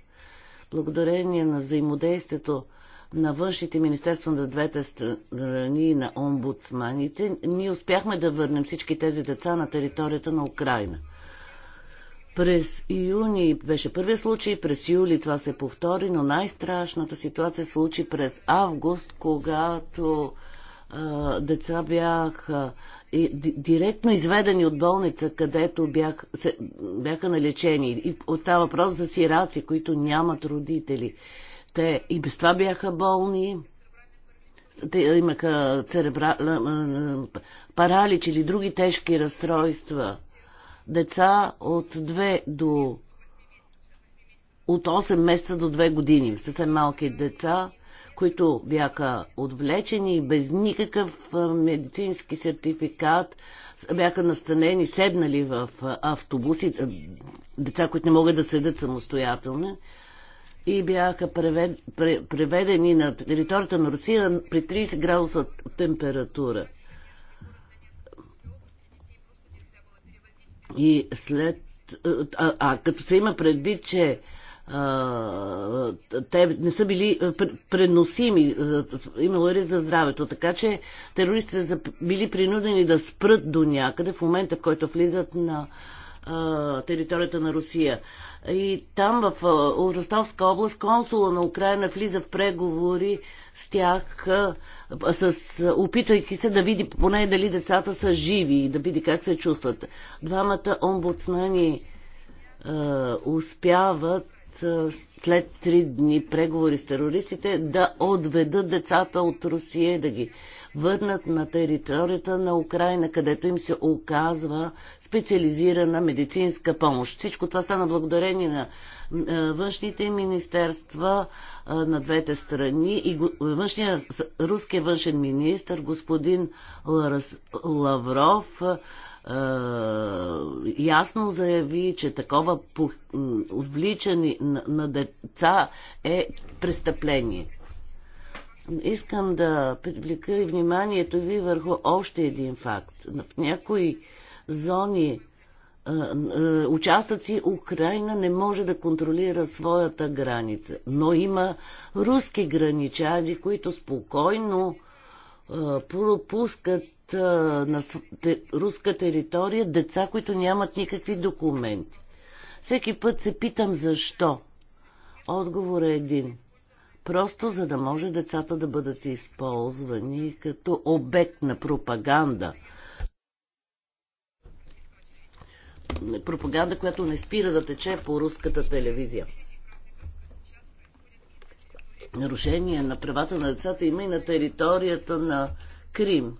Благодарение на взаимодействието на външните министерства на двете страни и на омбудсманите, ние успяхме да върнем всички тези деца на територията на Украина. През юни беше първият случай, през юли това се повтори, но най-страшната ситуация се случи през август, когато а, деца бяха директно изведени от болница, където бях, се, бяха налечени. И остава въпрос за сираци, които нямат родители. Те и без това бяха болни. Те имаха церебра... паралич или други тежки разстройства. Деца от 2 до от 8 месеца до 2 години. Съвсем малки деца, които бяха отвлечени без никакъв медицински сертификат, бяха настанени, седнали в автобуси, деца, които не могат да седят самостоятелно и бяха превед, преведени на територията на Русия при 30 градуса температура. И след. А, а като се има предвид, че а, те не са били преносими, имало риск за здравето. Така че терористите са били принудени да спрат до някъде в момента, в който влизат на а, територията на Русия. И там в а, Ростовска област консула на Украина влиза в преговори с тях, а, с, опитайки се да види поне дали децата са живи и да види как се чувстват. Двамата омбудсмани а, успяват след три дни преговори с терористите да отведат децата от Русия и да ги върнат на територията на Украина, където им се оказва специализирана медицинска помощ. Всичко това стана благодарение на е, външните министерства е, на двете страни и външния, руския външен министр господин Лавров е, ясно заяви, че такова отвличане на деца е престъпление. Искам да привлека и вниманието ви върху още един факт. В някои зони участъци Украина не може да контролира своята граница. Но има руски граничари, които спокойно пропускат на руска територия деца, които нямат никакви документи. Всеки път се питам защо. Отговор е един просто за да може децата да бъдат използвани като обект на пропаганда. Пропаганда, която не спира да тече по руската телевизия. Нарушение на правата на децата има и на територията на Крим.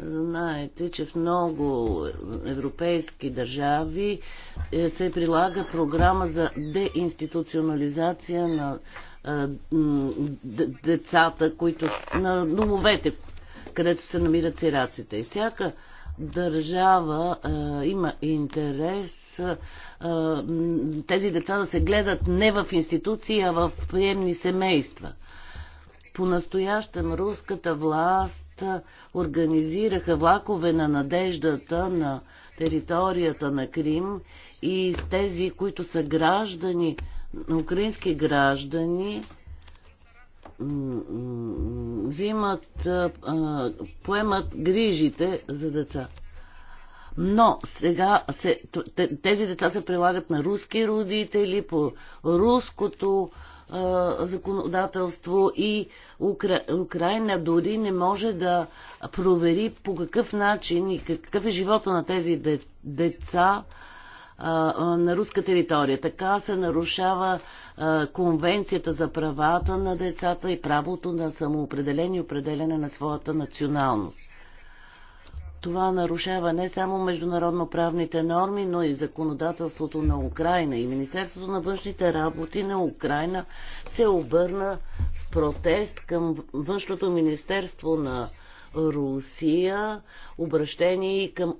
Знаете, че в много европейски държави е, се прилага програма за деинституционализация на децата, които на домовете, където се намират сираците. И всяка държава а, има интерес а, тези деца да се гледат не в институции, а в приемни семейства. По-настоящем руската власт организираха влакове на надеждата на територията на Крим и с тези, които са граждани на украински граждани взимат, поемат грижите за деца. Но сега се, тези деца се прилагат на руски родители, по руското законодателство и Укра... Украина дори не може да провери по какъв начин и какъв е живота на тези деца на руска територия. Така се нарушава Конвенцията за правата на децата и правото на самоопределение и определене на своята националност. Това нарушава не само международно-правните норми, но и законодателството на Украина. И Министерството на външните работи на Украина се обърна с протест към Външното министерство на Русия, обращение към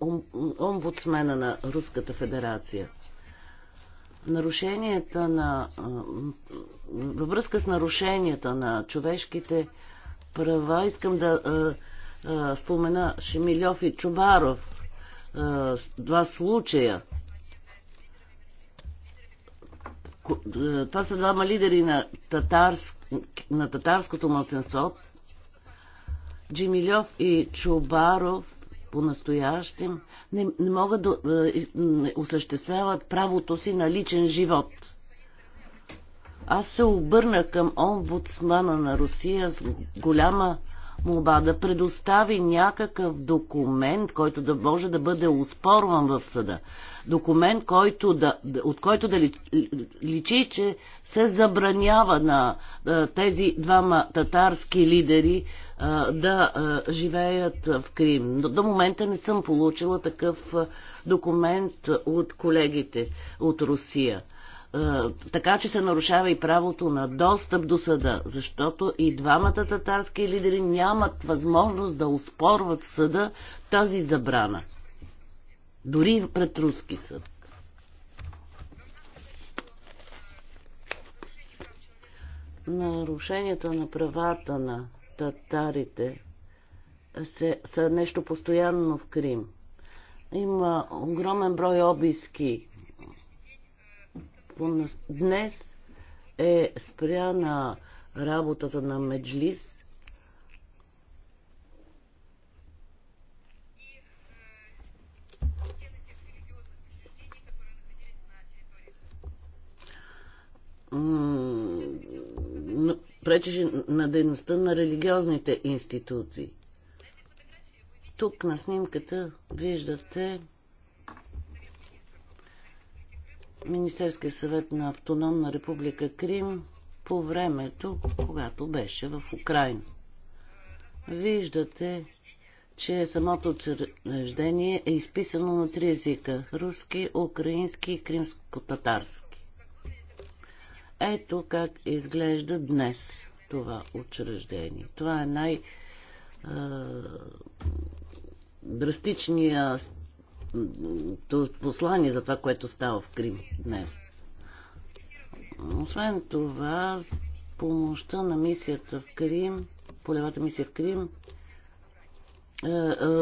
омбудсмена на Руската федерация. Нарушенията на... Във връзка с нарушенията на човешките права искам да а, а, спомена Шемилев и Чубаров. два случая. Това са двама лидери на, татарск, на татарското младсенство, Джимилев и Чубаров по-настоящем не, не могат да е, не осъществяват правото си на личен живот. Аз се обърна към омбудсмана на Русия с голяма молба да предостави някакъв документ, който да може да бъде успорван в съда. Документ, който да, от който да личи, че се забранява на е, тези двама татарски лидери да живеят в Крим. До, момента не съм получила такъв документ от колегите от Русия. Така че се нарушава и правото на достъп до съда, защото и двамата татарски лидери нямат възможност да успорват в съда тази забрана. Дори пред руски съд. нарушенията на правата на татарите се, са нещо постоянно в Крим. Има огромен брой обиски. Днес е спряна работата на Меджлис пречеше на дейността на религиозните институции. Тук на снимката виждате Министерския съвет на Автономна република Крим по времето, когато беше в Украина. Виждате, че самото учреждение е изписано на три езика – руски, украински и кримско-татарски. Ето как изглежда днес това учреждение. Това е най- драстичния послание за това, което става в Крим днес. Освен това, с помощта на мисията в Крим, полевата мисия в Крим,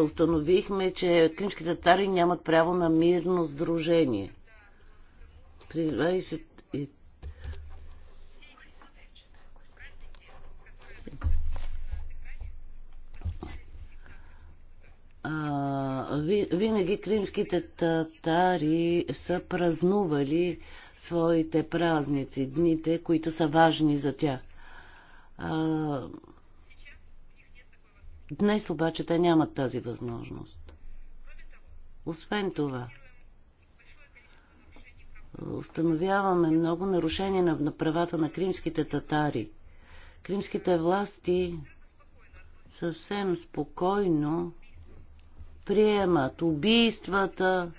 установихме, че кримските татари нямат право на мирно сдружение. При винаги кримските татари са празнували своите празници, дните, които са важни за тях. А, днес обаче те нямат тази възможност. Освен това, установяваме много нарушения на, на правата на кримските татари. Кримските власти съвсем спокойно приемат убийствата,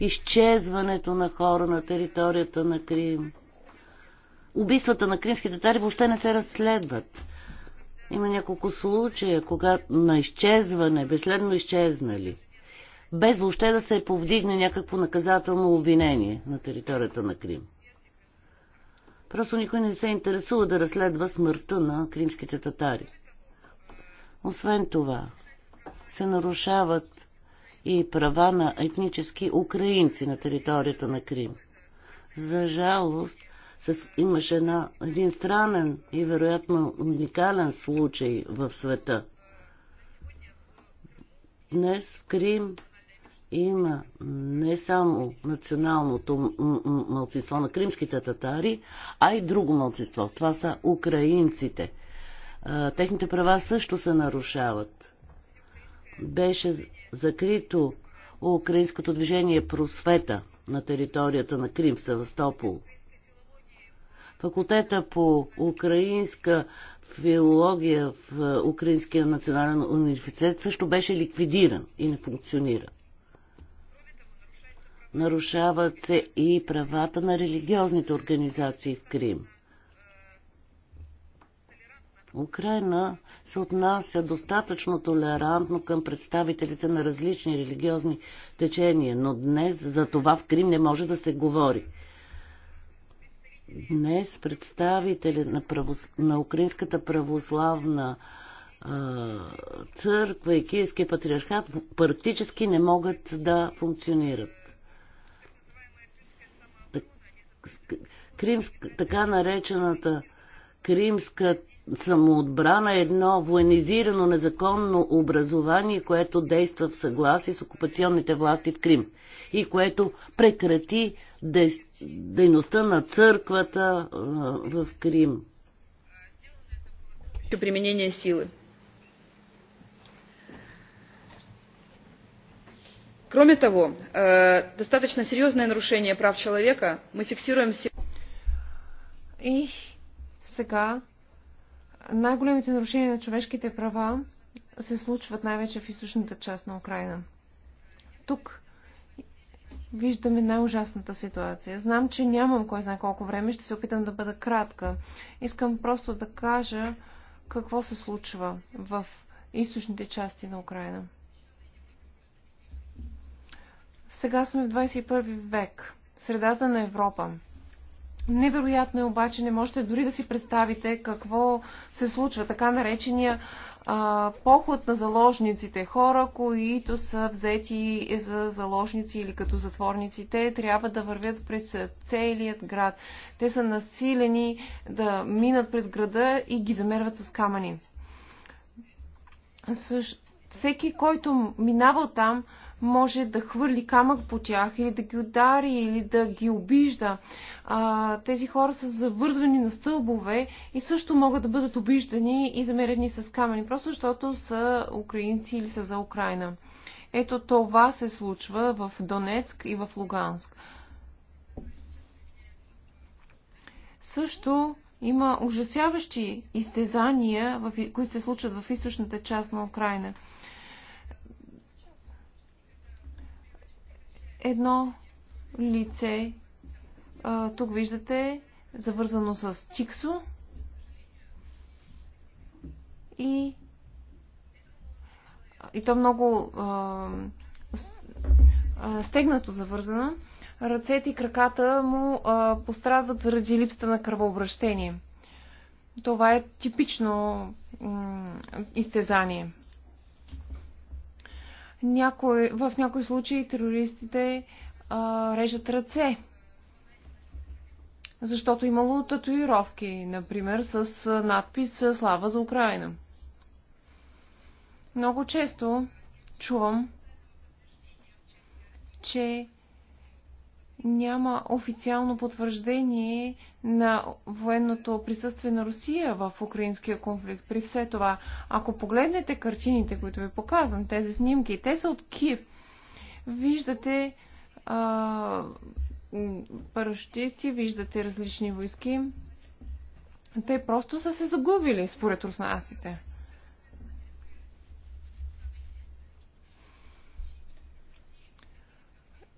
изчезването на хора на територията на Крим. Убийствата на кримски татари въобще не се разследват. Има няколко случая, кога на изчезване, безследно изчезнали, без въобще да се повдигне някакво наказателно обвинение на територията на Крим. Просто никой не се интересува да разследва смъртта на кримските татари. Освен това, се нарушават и права на етнически украинци на територията на Крим. За жалост, имаше една, един странен и вероятно уникален случай в света. Днес в Крим има не само националното мълцинство на кримските татари, а и друго мълцинство. Това са украинците. Техните права също се нарушават беше закрито украинското движение Просвета на територията на Крим в Севастопол. Факултета по украинска филология в е, Украинския национален университет също беше ликвидиран и не функционира. Нарушават се и правата на религиозните организации в Крим. Украина се отнася достатъчно толерантно към представителите на различни религиозни течения, но днес за това в Крим не може да се говори. Днес представители на, правос... на Украинската православна а, църква и Киевския патриархат практически не могат да функционират. Кримск, така наречената кримска самоотбрана е едно военизирано незаконно образование, което действа в съгласие с окупационните власти в Крим и което прекрати дейността на църквата в Крим. Применение силы. Кроме того, достаточно серьезное нарушение прав человека мы фиксируем... И сега най-големите нарушения на човешките права се случват най-вече в източната част на Украина. Тук виждаме най-ужасната ситуация. Знам, че нямам кой знае колко време, ще се опитам да бъда кратка. Искам просто да кажа какво се случва в източните части на Украина. Сега сме в 21 век, средата на Европа. Невероятно е обаче, не можете дори да си представите какво се случва. Така наречения а, поход на заложниците. Хора, които са взети за заложници или като затворници, те трябва да вървят през целият град. Те са насилени да минат през града и ги замерват с камъни. Всеки, който минава там, може да хвърли камък по тях или да ги удари или да ги обижда. А, тези хора са завързвани на стълбове и също могат да бъдат обиждани и замерени с камъни, просто защото са украинци или са за Украина. Ето това се случва в Донецк и в Луганск. Също има ужасяващи изтезания, които се случват в източната част на Украина. едно лице. А, тук виждате завързано с тиксо и, и то много а, а, стегнато завързано. Ръцете и краката му а, пострадват заради липсата на кръвообращение. Това е типично изтезание някой, в някои случаи терористите а, режат ръце, защото имало татуировки, например, с надпис Слава за Украина. Много често чувам, че няма официално потвърждение на военното присъствие на Русия в украинския конфликт. При все това, ако погледнете картините, които ви показвам, тези снимки, те са от Киев, виждате парашутисти, виждате различни войски. Те просто са се загубили, според руснаците.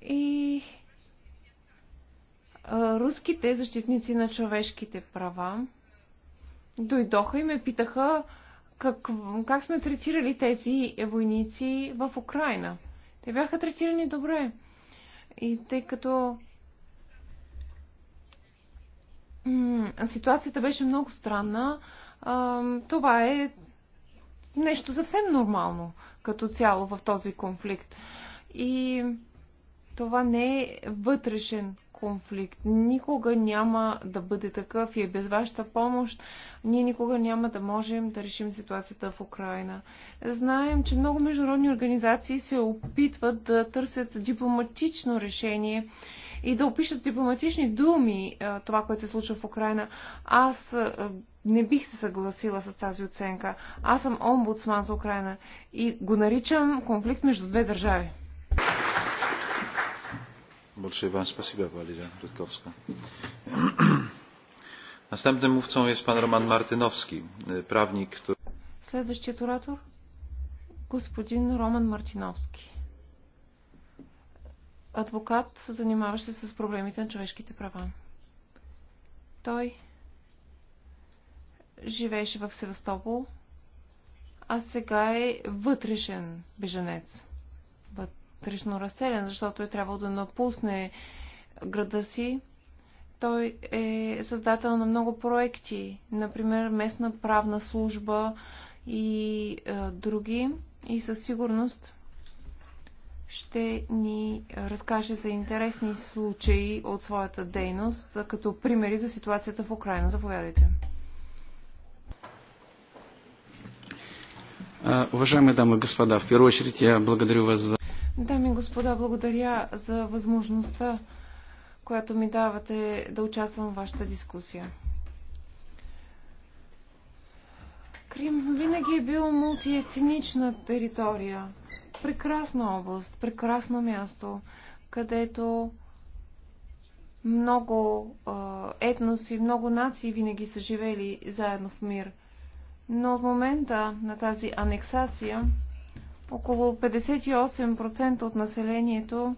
И руските защитници на човешките права дойдоха и ме питаха как, как сме третирали тези войници в Украина. Те бяха третирани добре. И тъй като ситуацията беше много странна, това е нещо съвсем нормално като цяло в този конфликт. И това не е вътрешен конфликт никога няма да бъде такъв и е без вашата помощ ние никога няма да можем да решим ситуацията в Украина. Знаем, че много международни организации се опитват да търсят дипломатично решение и да опишат с дипломатични думи това, което се случва в Украина. Аз не бих се съгласила с тази оценка. Аз съм омбудсман за Украина и го наричам конфликт между две държави. Большое вам спасибо, Валерия Рудковская. Następnym mówcą jest pan Roman Martynowski, prawnik, który... Следващият оратор господин Роман Мартиновски. Адвокат, занимаващ се с проблемите на човешките права. Той живееше в Севастопол, а сега е вътрешен беженец трично разселен, защото е трябвало да напусне града си. Той е създател на много проекти, например местна правна служба и е, други. И със сигурност ще ни разкаже за интересни случаи от своята дейност, като примери за ситуацията в Украина. Заповядайте. Уважаеми дами и господа, в първо очередь я благодарю вас за... Дами и господа, благодаря за възможността, която ми давате да участвам в вашата дискусия. Крим винаги е бил мултиетнична територия. Прекрасна област, прекрасно място, където много етноси, много нации винаги са живели заедно в мир. Но от момента на тази анексация около 58% от населението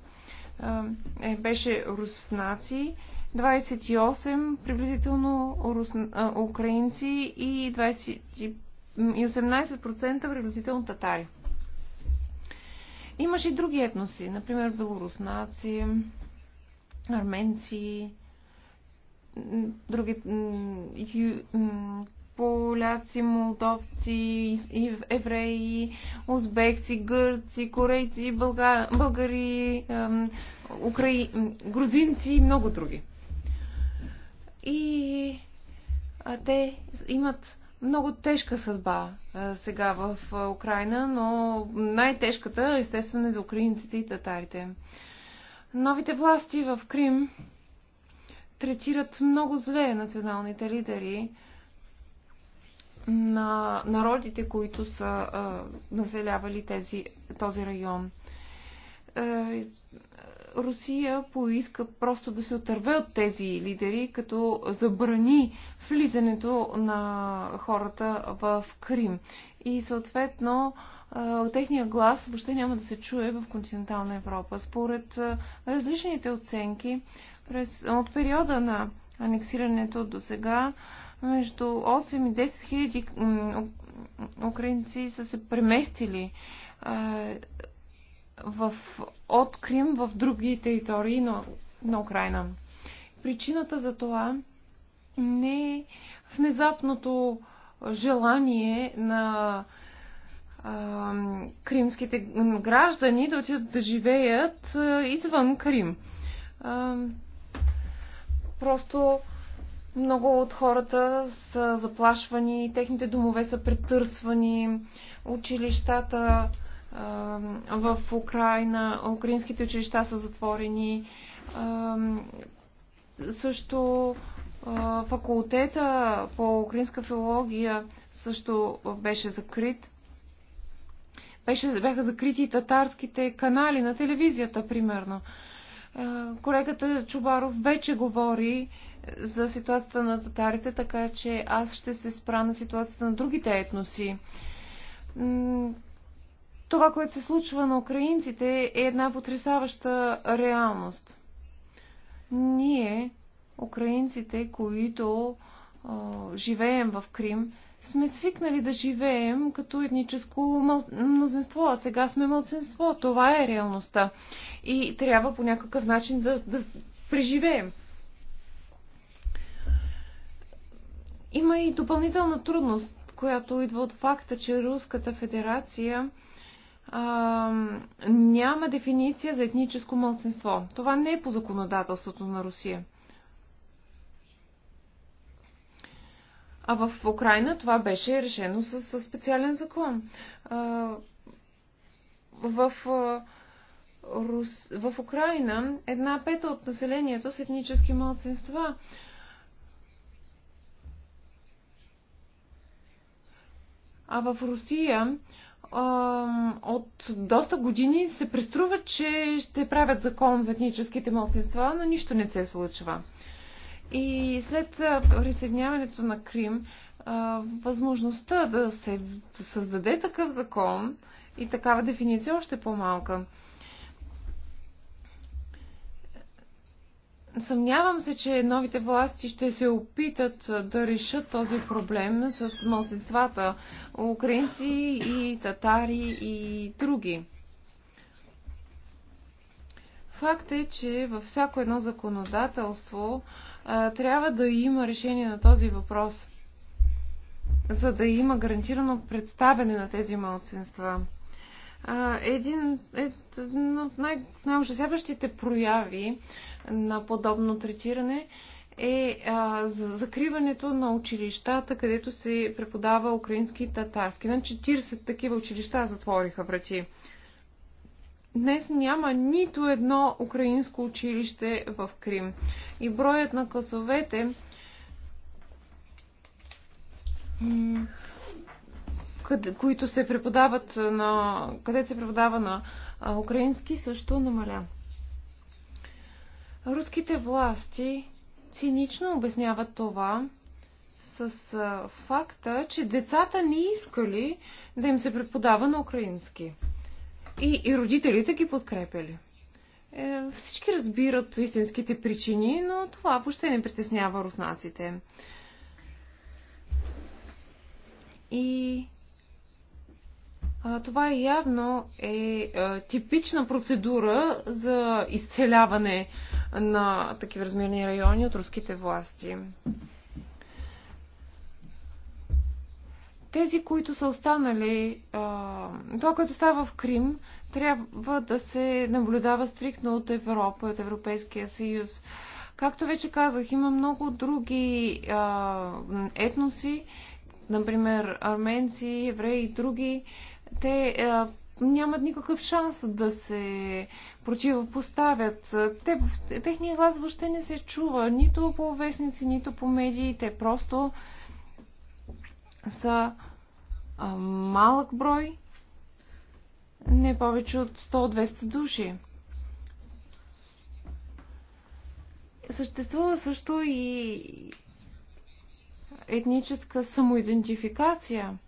е, беше руснаци, 28 приблизително рус, а, украинци и, 20, и 18% приблизително татари. Имаше и други етноси, например белоруснаци, арменци, други ю, поляци, молдовци, евреи, узбекци, гърци, корейци, българи, българи, украи... грузинци и много други. И а те имат много тежка съдба а, сега в а, Украина, но най-тежката естествено е за украинците и татарите. Новите власти в Крим третират много зле националните лидери, на народите, които са а, населявали тези, този район. А, Русия поиска просто да се отърве от тези лидери, като забрани влизането на хората в Крим. И съответно техния глас въобще няма да се чуе в континентална Европа. Според различните оценки, през, от периода на анексирането до сега, между 8 и 10 хиляди украинци са се преместили в, от Крим в други територии на, на Украина. Причината за това не е внезапното желание на а, кримските граждани да отидат да живеят извън Крим. А, просто много от хората са заплашвани, техните домове са претърсвани, училищата в Украина, украинските училища са затворени. Също факултета по украинска филология също беше закрит. Беше, бяха закрити и татарските канали на телевизията, примерно. Колегата Чубаров вече говори за ситуацията на татарите, така че аз ще се спра на ситуацията на другите етноси. Това, което се случва на украинците, е една потрясаваща реалност. Ние, украинците, които е, живеем в Крим, сме свикнали да живеем като етническо мнозинство, а сега сме мълцинство. Това е реалността. И трябва по някакъв начин да, да преживеем. Има и допълнителна трудност, която идва от факта, че Руската федерация а, няма дефиниция за етническо мълцинство. Това не е по законодателството на Русия. А в Украина това беше решено с, с специален закон. А, в, а, Рус... в Украина една пета от населението са етнически младсинства. А в Русия от доста години се преструва, че ще правят закон за етническите младсинства, но нищо не се случва. И след присъединяването на Крим, възможността да се създаде такъв закон и такава дефиниция е още по-малка. Съмнявам се, че новите власти ще се опитат да решат този проблем с мълцинствата украинци и татари и други. Факт е, че във всяко едно законодателство а, трябва да има решение на този въпрос, за да има гарантирано представяне на тези мълцинства. А, един, един от най-ужасяващите прояви на подобно третиране е а, за закриването на училищата, където се преподава украински и татарски. На значи 40 такива училища затвориха врати. Днес няма нито едно украинско училище в Крим. И броят на класовете които се преподават на, където се преподава на украински, също намаля. Руските власти цинично обясняват това с факта, че децата не искали да им се преподава на украински. И, и родителите ги подкрепили. Е, всички разбират истинските причини, но това въобще не притеснява руснаците. И това явно е типична процедура за изцеляване на такива размерни райони от руските власти. Тези, които са останали, това, което става в Крим, трябва да се наблюдава стриктно от Европа, от Европейския съюз. Както вече казах, има много други етноси, например арменци, евреи и други, те а, е, нямат никакъв шанс да се противопоставят. Те, техния глас въобще не се чува нито по вестници, нито по медиите. Просто са а, малък брой, не повече от 100-200 души. Съществува също и етническа самоидентификация.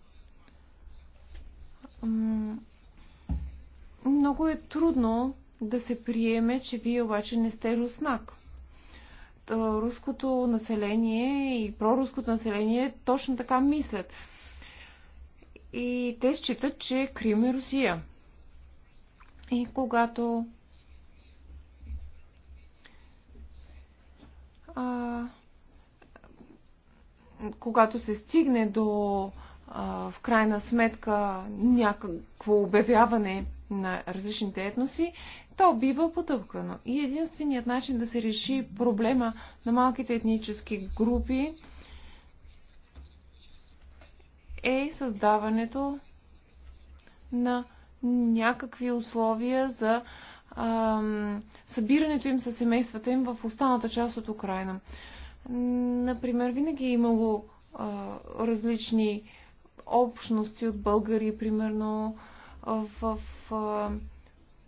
Много е трудно да се приеме, че вие обаче не сте руснак. Руското население и проруското население точно така мислят. И те считат, че Крим е Русия. И когато а, когато се стигне до в крайна сметка някакво обявяване на различните етноси, то бива потъпкано. И единственият начин да се реши проблема на малките етнически групи е създаването на някакви условия за ам, събирането им със семействата им в останата част от Украина. Например, винаги е имало а, различни общности от българи, примерно в, в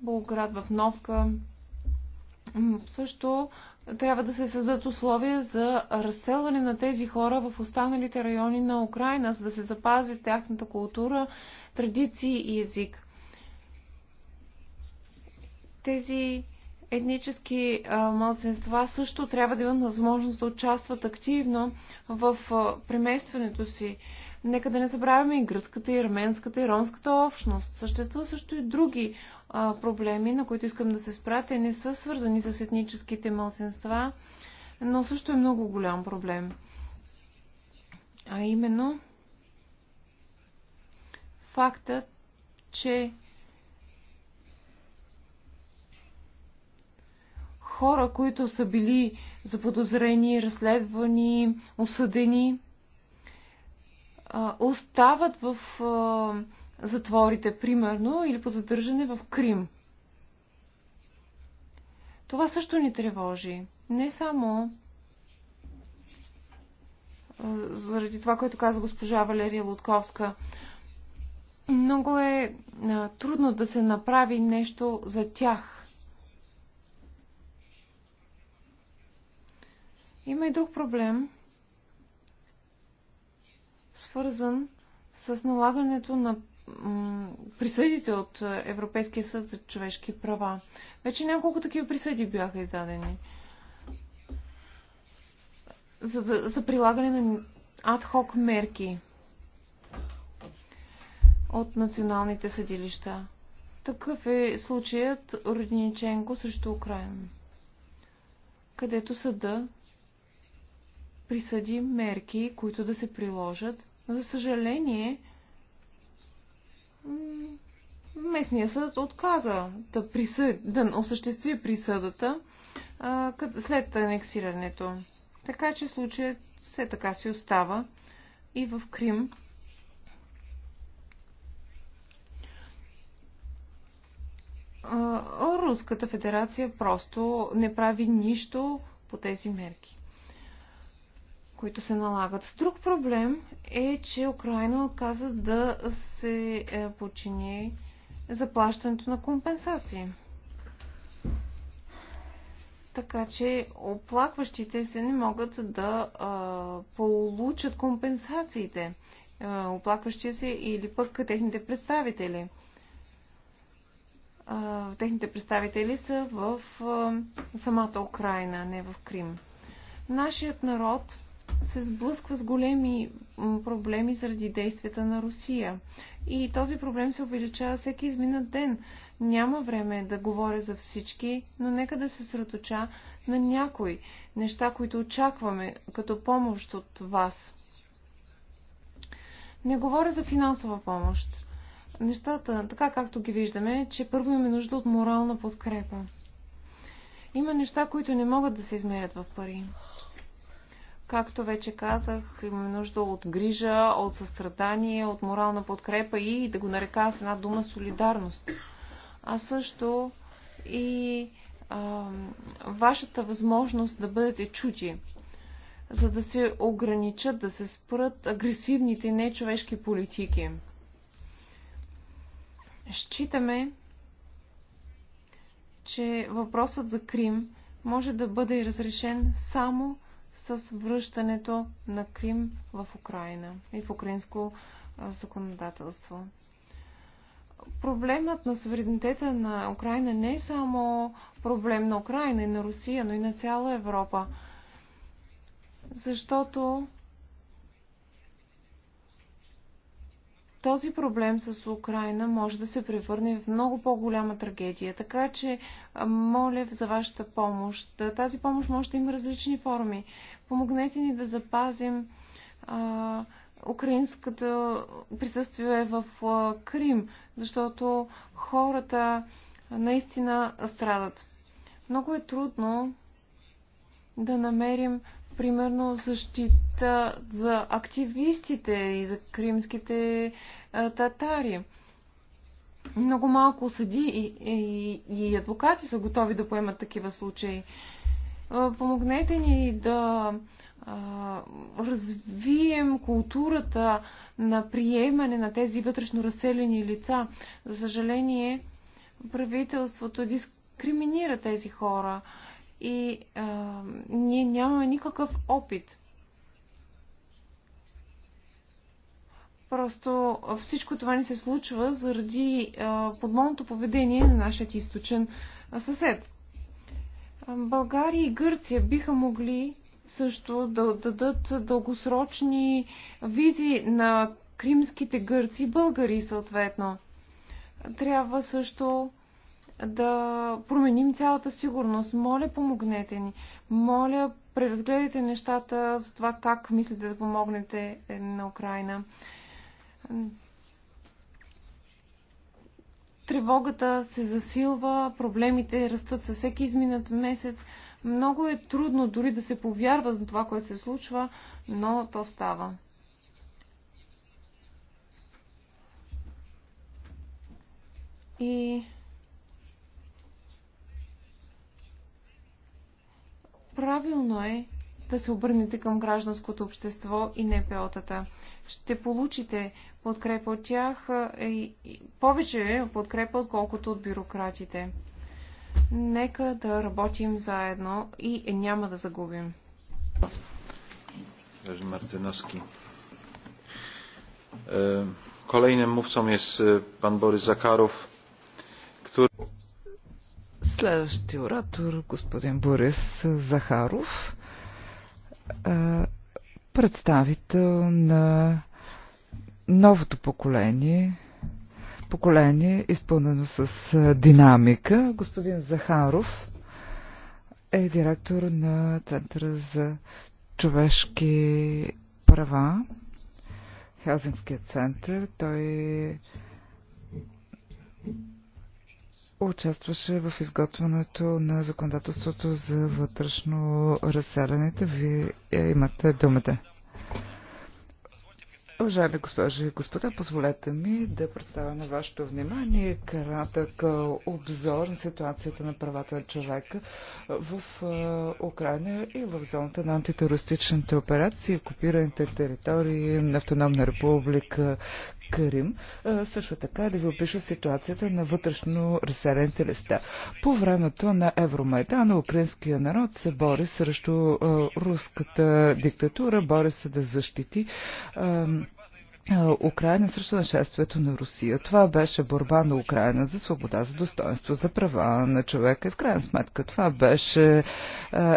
Болград, в Новка. Също трябва да се създадат условия за разселване на тези хора в останалите райони на Украина, за да се запази тяхната култура, традиции и език. Тези етнически малцинства също трябва да имат възможност да участват активно в преместването си Нека да не забравяме и гръцката, и арменската, и ромската общност. Съществува също и други а, проблеми, на които искам да се спра. Те не са свързани с етническите мълсенства, но също е много голям проблем. А именно фактът, че хора, които са били заподозрени, разследвани, осъдени, остават в затворите, примерно, или по задържане в Крим. Това също ни тревожи. Не само заради това, което каза госпожа Валерия Лутковска. Много е трудно да се направи нещо за тях. Има и друг проблем – свързан с налагането на присъдите от Европейския съд за човешки права. Вече няколко такива присъди бяха издадени за, да, за прилагане на адхок мерки от националните съдилища. Такъв е случаят Родниченко срещу Украина, където съда присъди мерки, които да се приложат за съжаление, местният съд отказа да, присъд, да осъществи присъдата а, след анексирането. Така че случаят все така си остава и в Крим. Руската федерация просто не прави нищо по тези мерки които се налагат. Друг проблем е, че Украина отказа да се е, почини заплащането на компенсации. Така че оплакващите се не могат да а, получат компенсациите. А, се или пък техните представители. А, техните представители са в а, самата Украина, не в Крим. Нашият народ се сблъсква с големи проблеми заради действията на Русия. И този проблем се увеличава всеки изминат ден. Няма време да говоря за всички, но нека да се сръточа на някои неща, които очакваме като помощ от вас. Не говоря за финансова помощ. Нещата, така както ги виждаме, че първо имаме нужда от морална подкрепа. Има неща, които не могат да се измерят в пари. Както вече казах, имаме нужда от грижа, от състрадание, от морална подкрепа и да го нарека с една дума солидарност. А също и а, вашата възможност да бъдете чути, за да се ограничат, да се спрат агресивните нечовешки политики. Считаме, че въпросът за Крим може да бъде разрешен само с връщането на Крим в Украина и в украинско законодателство. Проблемът на суверенитета на Украина не е само проблем на Украина и на Русия, но и на цяла Европа. Защото този проблем с Украина може да се превърне в много по-голяма трагедия. Така че, моля за вашата помощ. Тази помощ може да има различни форми. Помогнете ни да запазим а, украинската присъствие в а, Крим, защото хората наистина страдат. Много е трудно да намерим примерно защита за активистите и за кримските а, татари. Много малко съди и, и, и адвокати са готови да поемат такива случаи. А, помогнете ни да а, развием културата на приемане на тези вътрешно разселени лица. За съжаление, правителството дискриминира тези хора. А, и а, ние нямаме никакъв опит. Просто всичко това ни се случва заради а, подмолното поведение на нашия източен съсед. България и Гърция биха могли също да дадат дългосрочни визи на кримските гърци и българи съответно. Трябва също да променим цялата сигурност. Моля, помогнете ни. Моля, преразгледайте нещата за това как мислите да помогнете е, на Украина. Тревогата се засилва, проблемите растат със всеки изминат месец. Много е трудно дори да се повярва за това, което се случва, но то става. И Правилно е да се обърнете към гражданското общество и НПО-тата. Ще получите подкрепа от тях е, и повече подкрепа, отколкото от бюрократите. Нека да работим заедно и няма да загубим. Мартиновски. Е, Kolejnym mówcą jest е, pan Borys Zakarow. Следващия оратор, господин Борис Захаров, представител на новото поколение, поколение изпълнено с динамика. Господин Захаров е директор на Центъра за човешки права, Хелзинския център. Той участваше в изготвянето на законодателството за вътрешно разселените. Вие е, имате думата. Уважаеми госпожи и господа, позволете ми да представя на вашето внимание кратък обзор на ситуацията на правата на човека в Украина и в зоната на антитерористичните операции, окупираните територии на Автономна република Крим, също така да ви опиша ситуацията на вътрешно разселените листа. По времето на Евромайдана украинския народ се бори срещу руската диктатура, бори се да защити Украина срещу нашествието на Русия. Това беше борба на Украина за свобода, за достоинство, за права на човека. И в крайна сметка това беше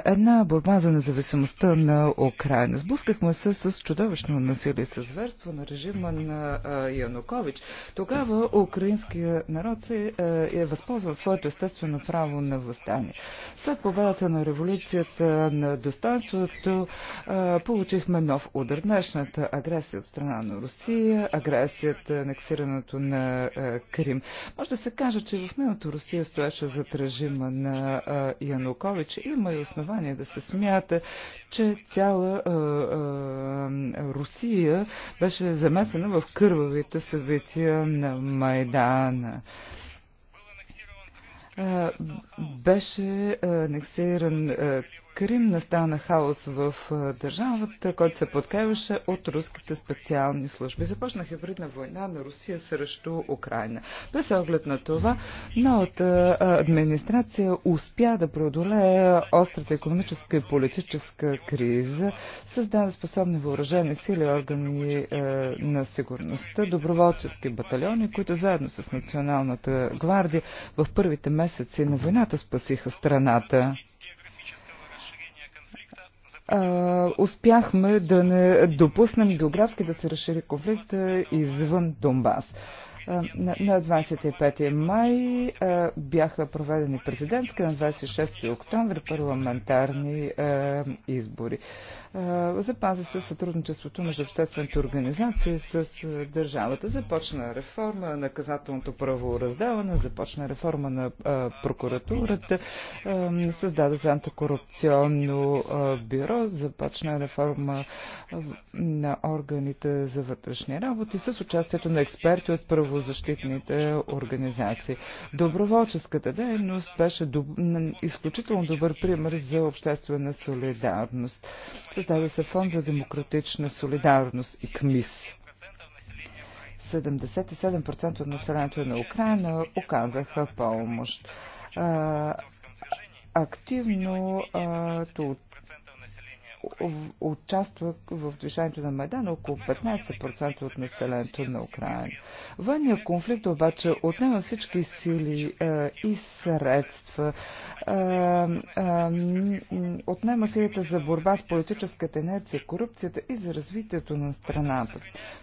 една борба за независимостта на Украина. Сблъскахме се с чудовищно насилие, с зверство на режима на Янукович. Тогава украинският народ се е възползвал своето естествено право на възстание. След победата на революцията на достоинството получихме нов удар. Днешната агресия от страна на Русия Русия, агресията, анексирането на е, Крим. Може да се каже, че в миналото Русия стоеше зад режима на е, Янукович. Има и основание да се смята, че цяла е, Русия беше замесена в кървавите събития на Майдана беше анексиран Крим настана хаос в държавата, който се подкрепяше от руските специални служби. Започна хибридна война на Русия срещу Украина. Без оглед на това, новата администрация успя да преодолее острата економическа и политическа криза, създаде способни въоръжени сили, органи е, на сигурността, доброволчески батальони, които заедно с Националната гвардия в първите месеци на войната спасиха страната а, успяхме да не допуснем географски да се разшири конфликта извън Донбас. На 25 май бяха проведени президентски, на 26 октомври парламентарни избори. Запази се сътрудничеството между обществените организации с държавата. Започна реформа на наказателното правораздаване, започна реформа на прокуратурата, създаде за антикорупционно бюро, започна реформа на органите за вътрешни работи с участието на експерти от правораздаването правозащитните организации. Доброволческата дейност беше доб... изключително добър пример за обществена солидарност. Създава се фонд за демократична солидарност и КМИС. 77% от населението на Украина оказаха помощ. А, активно а, участва в движението на Майдан около 15% от населението на Украина. Военния конфликт обаче отнема всички сили е, и средства. Е, е, отнема силите за борба с политическата инерция, корупцията и за развитието на страната.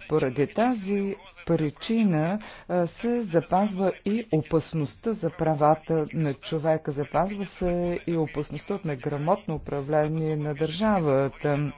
Поради тази причина се запазва и опасността за правата на човека, запазва се и опасността от неграмотно управление на държавата.